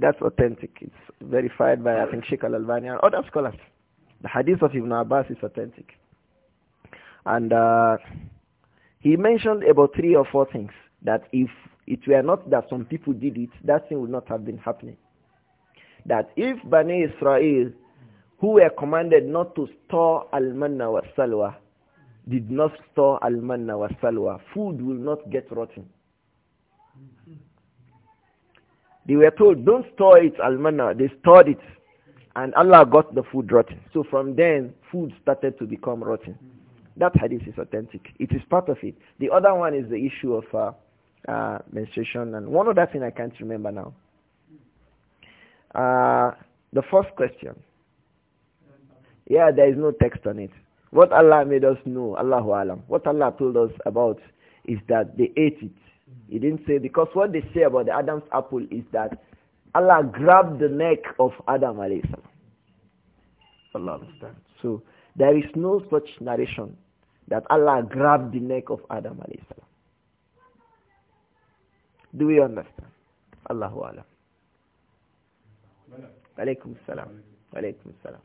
S1: That's authentic. It's verified by, I think, Sheikh al-Albani and other scholars. The hadith of Ibn Abbas is authentic. And uh, he mentioned about three or four things that if it were not that some people did it, that thing would not have been happening. That if Bani Israel, who were commanded not to store al-manna wa salwa, did not store al-manna wa salwa, food will not get rotten. They were told, don't store it, almana. They stored it. And Allah got the food rotten. So from then, food started to become rotten. That hadith is authentic. It is part of it. The other one is the issue of uh, uh, menstruation. And one other thing I can't remember now. Uh, the first question. Yeah, there is no text on it. What Allah made us know, Allahu Alam, what Allah told us about is that they ate it he didn't say, because what they say about the Adam's apple is that Allah grabbed the neck of Adam alayhi Allah understand. So there is no such narration that Allah grabbed the neck of Adam alayhi Do we understand? Allahu Alam. Alaykum salam. Alaykum salam.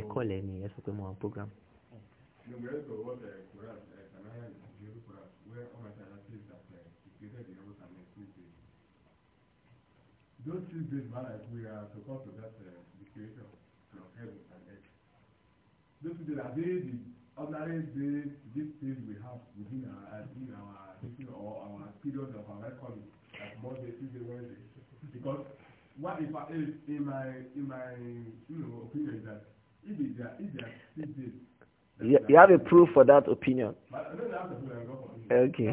S1: Ẹ kọ́ lẹ́ni ẹ sọ pé program. No, we also wrote Those three days, Balak, we are to come to that uh, the creation of heaven and earth. Those two days are very the ordinary days, these days we have within our, within uh, our, in or our period of our reckoning, like Monday, Tuesday, Wednesday. Because what if I, in my, in my, you know, opinion is that if they are, if they are six days, You have a proof for that opinion? Okay.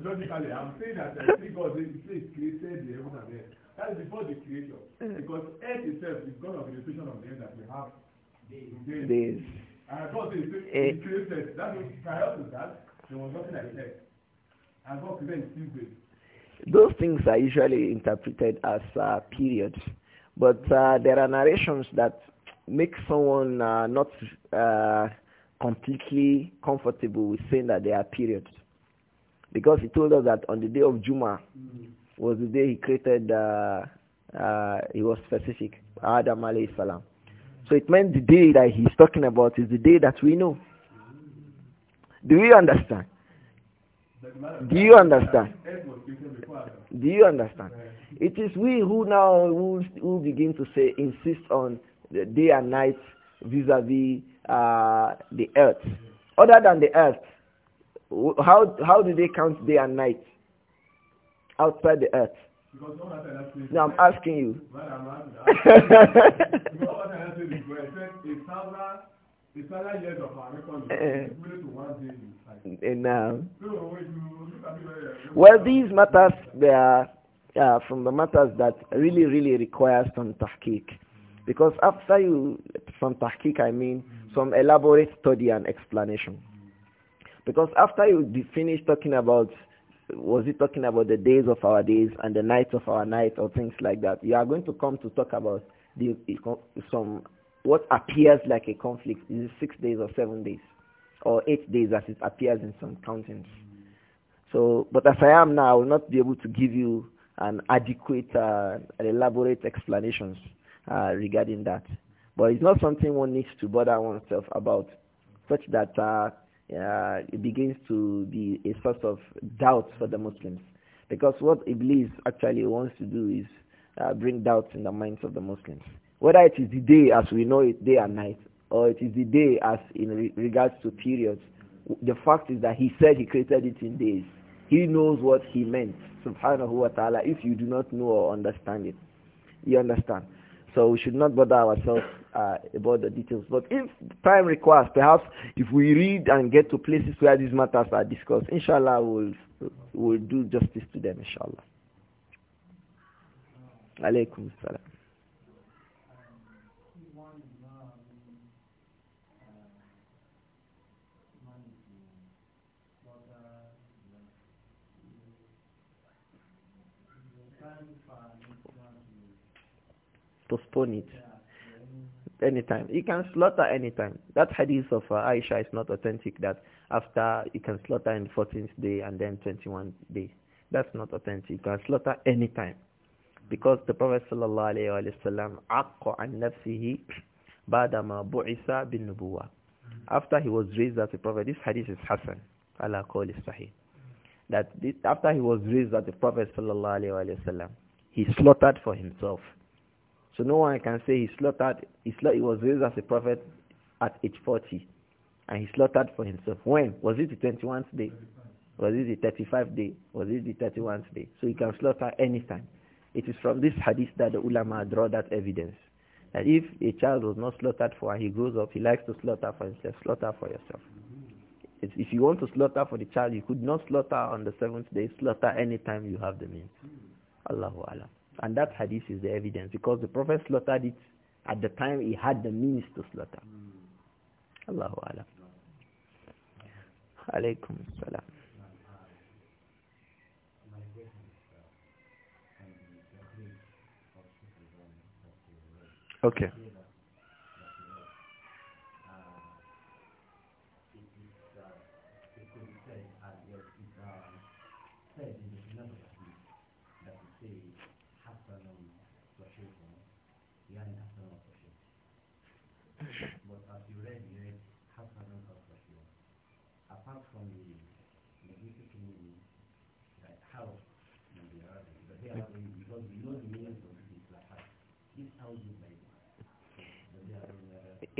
S1: logically, I'm saying that uh, it created the heaven and earth. That is before the creation. Because earth itself is God of the creation of the earth that we have. Days. Days. And God is created. That prior to that, there was nothing like earth. And God created in Those things are usually interpreted as uh, periods. But uh, there are narrations that make someone uh, not uh, completely comfortable with saying that there are periods. Because he told us that on the day of Juma mm. was the day he created, uh, uh, he was specific, Adam alayhi salam. So it meant the day that he's talking about is the day that we know. Do you understand? Do you understand? Do you understand? It is we who now will begin to say insist on day and night vis-a-vis uh, the earth. Other than the earth, how, how do they count day and night outside the earth? No, I'm asking you. and, well, these matters, they are uh, from the matters that really, really require some tahqiq. Because after you, from tahqiq I mean, mm. some elaborate study and explanation. Because after you finish talking about, was it talking about the days of our days and the nights of our night or things like that, you are going to come to talk about the, some, what appears like a conflict is six days or seven days or eight days as it appears in some countings. So, but as I am now, I will not be able to give you an adequate uh, and elaborate explanations uh, regarding that. But it's not something one needs to bother oneself about, such that uh, uh, it begins to be a source of doubt for the Muslims. Because what Iblis actually wants to do is uh, bring doubts in the minds of the Muslims. Whether it is the day as we know it, day and night, or it is the day as in re regards to periods, the fact is that he said he created it in days. He knows what he meant, subhanahu wa ta'ala, if you do not know or understand it. You understand? So we should not bother ourselves uh, about the details. But if time requires, perhaps if we read and get to places where these matters are discussed, inshallah we'll, we'll do justice to them, inshallah. Alaykum salam. postpone it anytime. You can slaughter anytime. That hadith of uh, Aisha is not authentic that after you can slaughter in 14th day and then 21 day. That's not authentic. You can slaughter anytime. Because the Prophet sallallahu alayhi wa sallam عَقَّ عَنْ نَفْسِهِ بَعْدَمَا بُعِثَ بِالنُّبُوَةِ After he was raised as a prophet, this hadith is Hassan, Allah call is sahih. That this, after he was raised as a prophet sallallahu alayhi wa sallam, he slaughtered for himself. So no one can say he slaughtered, he, slaughtered, he was raised as a prophet at age 40 and he slaughtered for himself. When? Was it the 21st day? Was it the 35th day? Was it the 31st day? So you can slaughter anytime. It is from this hadith that the ulama draw that evidence. That if a child was not slaughtered for and he grows up, he likes to slaughter for himself. Slaughter for yourself. if you want to slaughter for the child, you could not slaughter on the seventh day. Slaughter anytime you have the means. Allahu Alam. And that hadith is the evidence because the Prophet slaughtered it at the time he had the means to slaughter. Allahu Alam. Alaykum salam. Okay.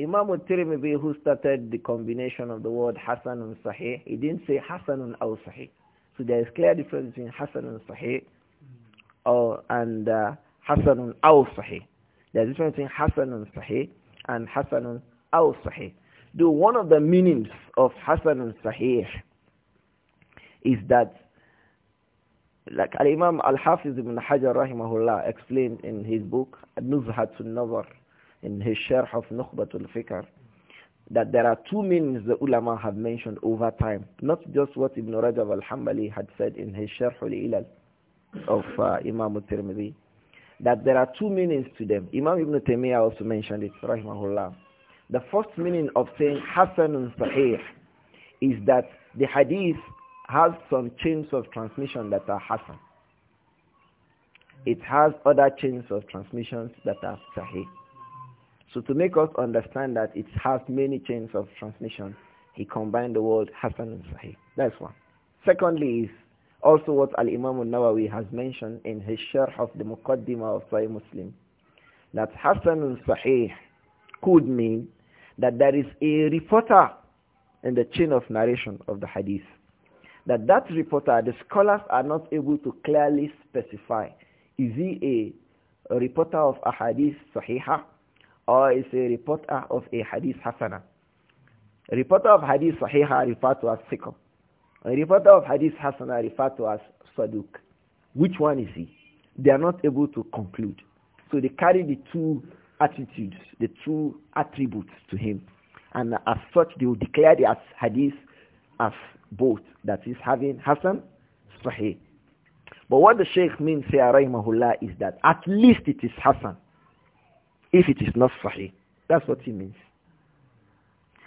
S1: Imam al-Tirmidhi who started the combination of the word Hassan and Sahih, he didn't say Hassan or Sahih. So there is clear difference between Hassan and Sahih or, and uh, Hassan or Sahih. There is difference between Hassan and Sahih and Hassan or Sahih. Do one of the meanings of Hassan and Sahih is that like imam Al-Hafiz ibn Hajar rahimahullah explained in his book Nuzhatun Nazar in his Sharh of Nukhbatul Fikr that there are two meanings the ulama have mentioned over time, not just what Ibn Rajab al-Hambali had said in his Sharh al-Ilal of uh, Imam al-Tirmidhi, that there are two meanings to them. Imam Ibn Taymiyyah also mentioned it, rahimahullah. The first meaning of saying and Sahih is that the hadith has some chains of transmission that are Hasan. It has other chains of transmissions that are Sahih. So to make us understand that it has many chains of transmission, he combined the word Hassan and Sahih. That's one. Secondly is also what Al-Imam al-Nawawi has mentioned in his sharh of the Muqaddimah of Sahih Muslim, that Hassan and Sahih could mean that there is a reporter in the chain of narration of the hadith. That that reporter, the scholars are not able to clearly specify. Is he a, reporter of a hadith Sahihah or is a reporter of a hadith hasana. A reporter of hadith sahiha referred to as sikh. A reporter of hadith hasana referred to as saduk. Which one is he? They are not able to conclude. So they carry the two attitudes, the two attributes to him. And as such, they will declare the hadith as both, that is having Hassan, Sahih. But what the Sheikh means here, rahimahullah, is that at least it is Hassan if it is not sahih. That's what he means.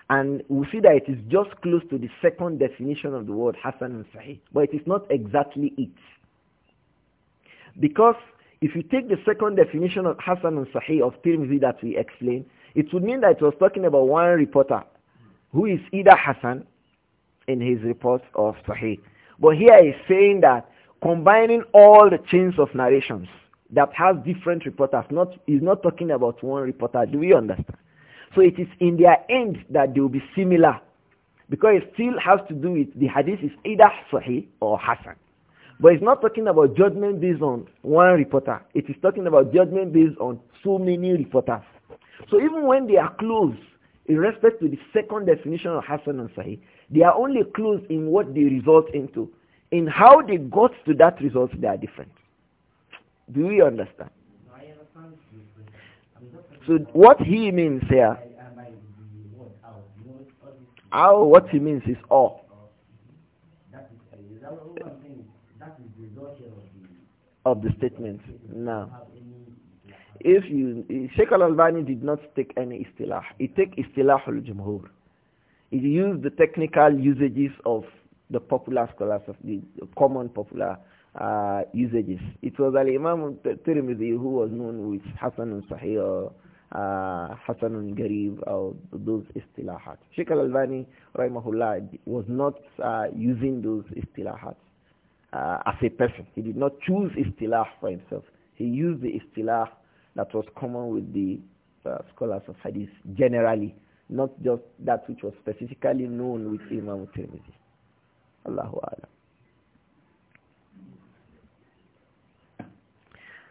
S1: And we see that it is just close to the second definition of the word Hassan and Sahih. But it is not exactly it. Because if you take the second definition of Hassan and Sahih of Tirmidhi that we explained, it would mean that it was talking about one reporter who is either Hassan in his report of Sahih. But here he's saying that combining all the chains of narrations, that has different reporters. Not is not talking about one reporter. Do we understand? So it is in their end that they will be similar because it still has to do with the hadith is either Sahih or Hassan. But it's not talking about judgment based on one reporter. It is talking about judgment based on so many reporters. So even when they are close in respect to the second definition of Hassan and Sahih, they are only close in what they result into. In how they got to that result, they are different. Do we understand? So what he means here, how what he means is all. Of the statement. Now, if you Sheikh Al Albani did not take any istilah. He take istilah al jumhur. He used the technical usages of the popular scholars of the common popular uh, usages. It was Al-Imam Tirmidhi who was known with Hassan Sahih or uh, Hassan Garib or those istilahat. Sheikh Al-Albani, Rahimahullah, was not uh, using those istilahat uh, as a person. He did not choose istilah for himself. He used the istilah that was common with the uh, scholars of hadith generally, not just that which was specifically known with Imam Tirmidhi. Allahu Alam.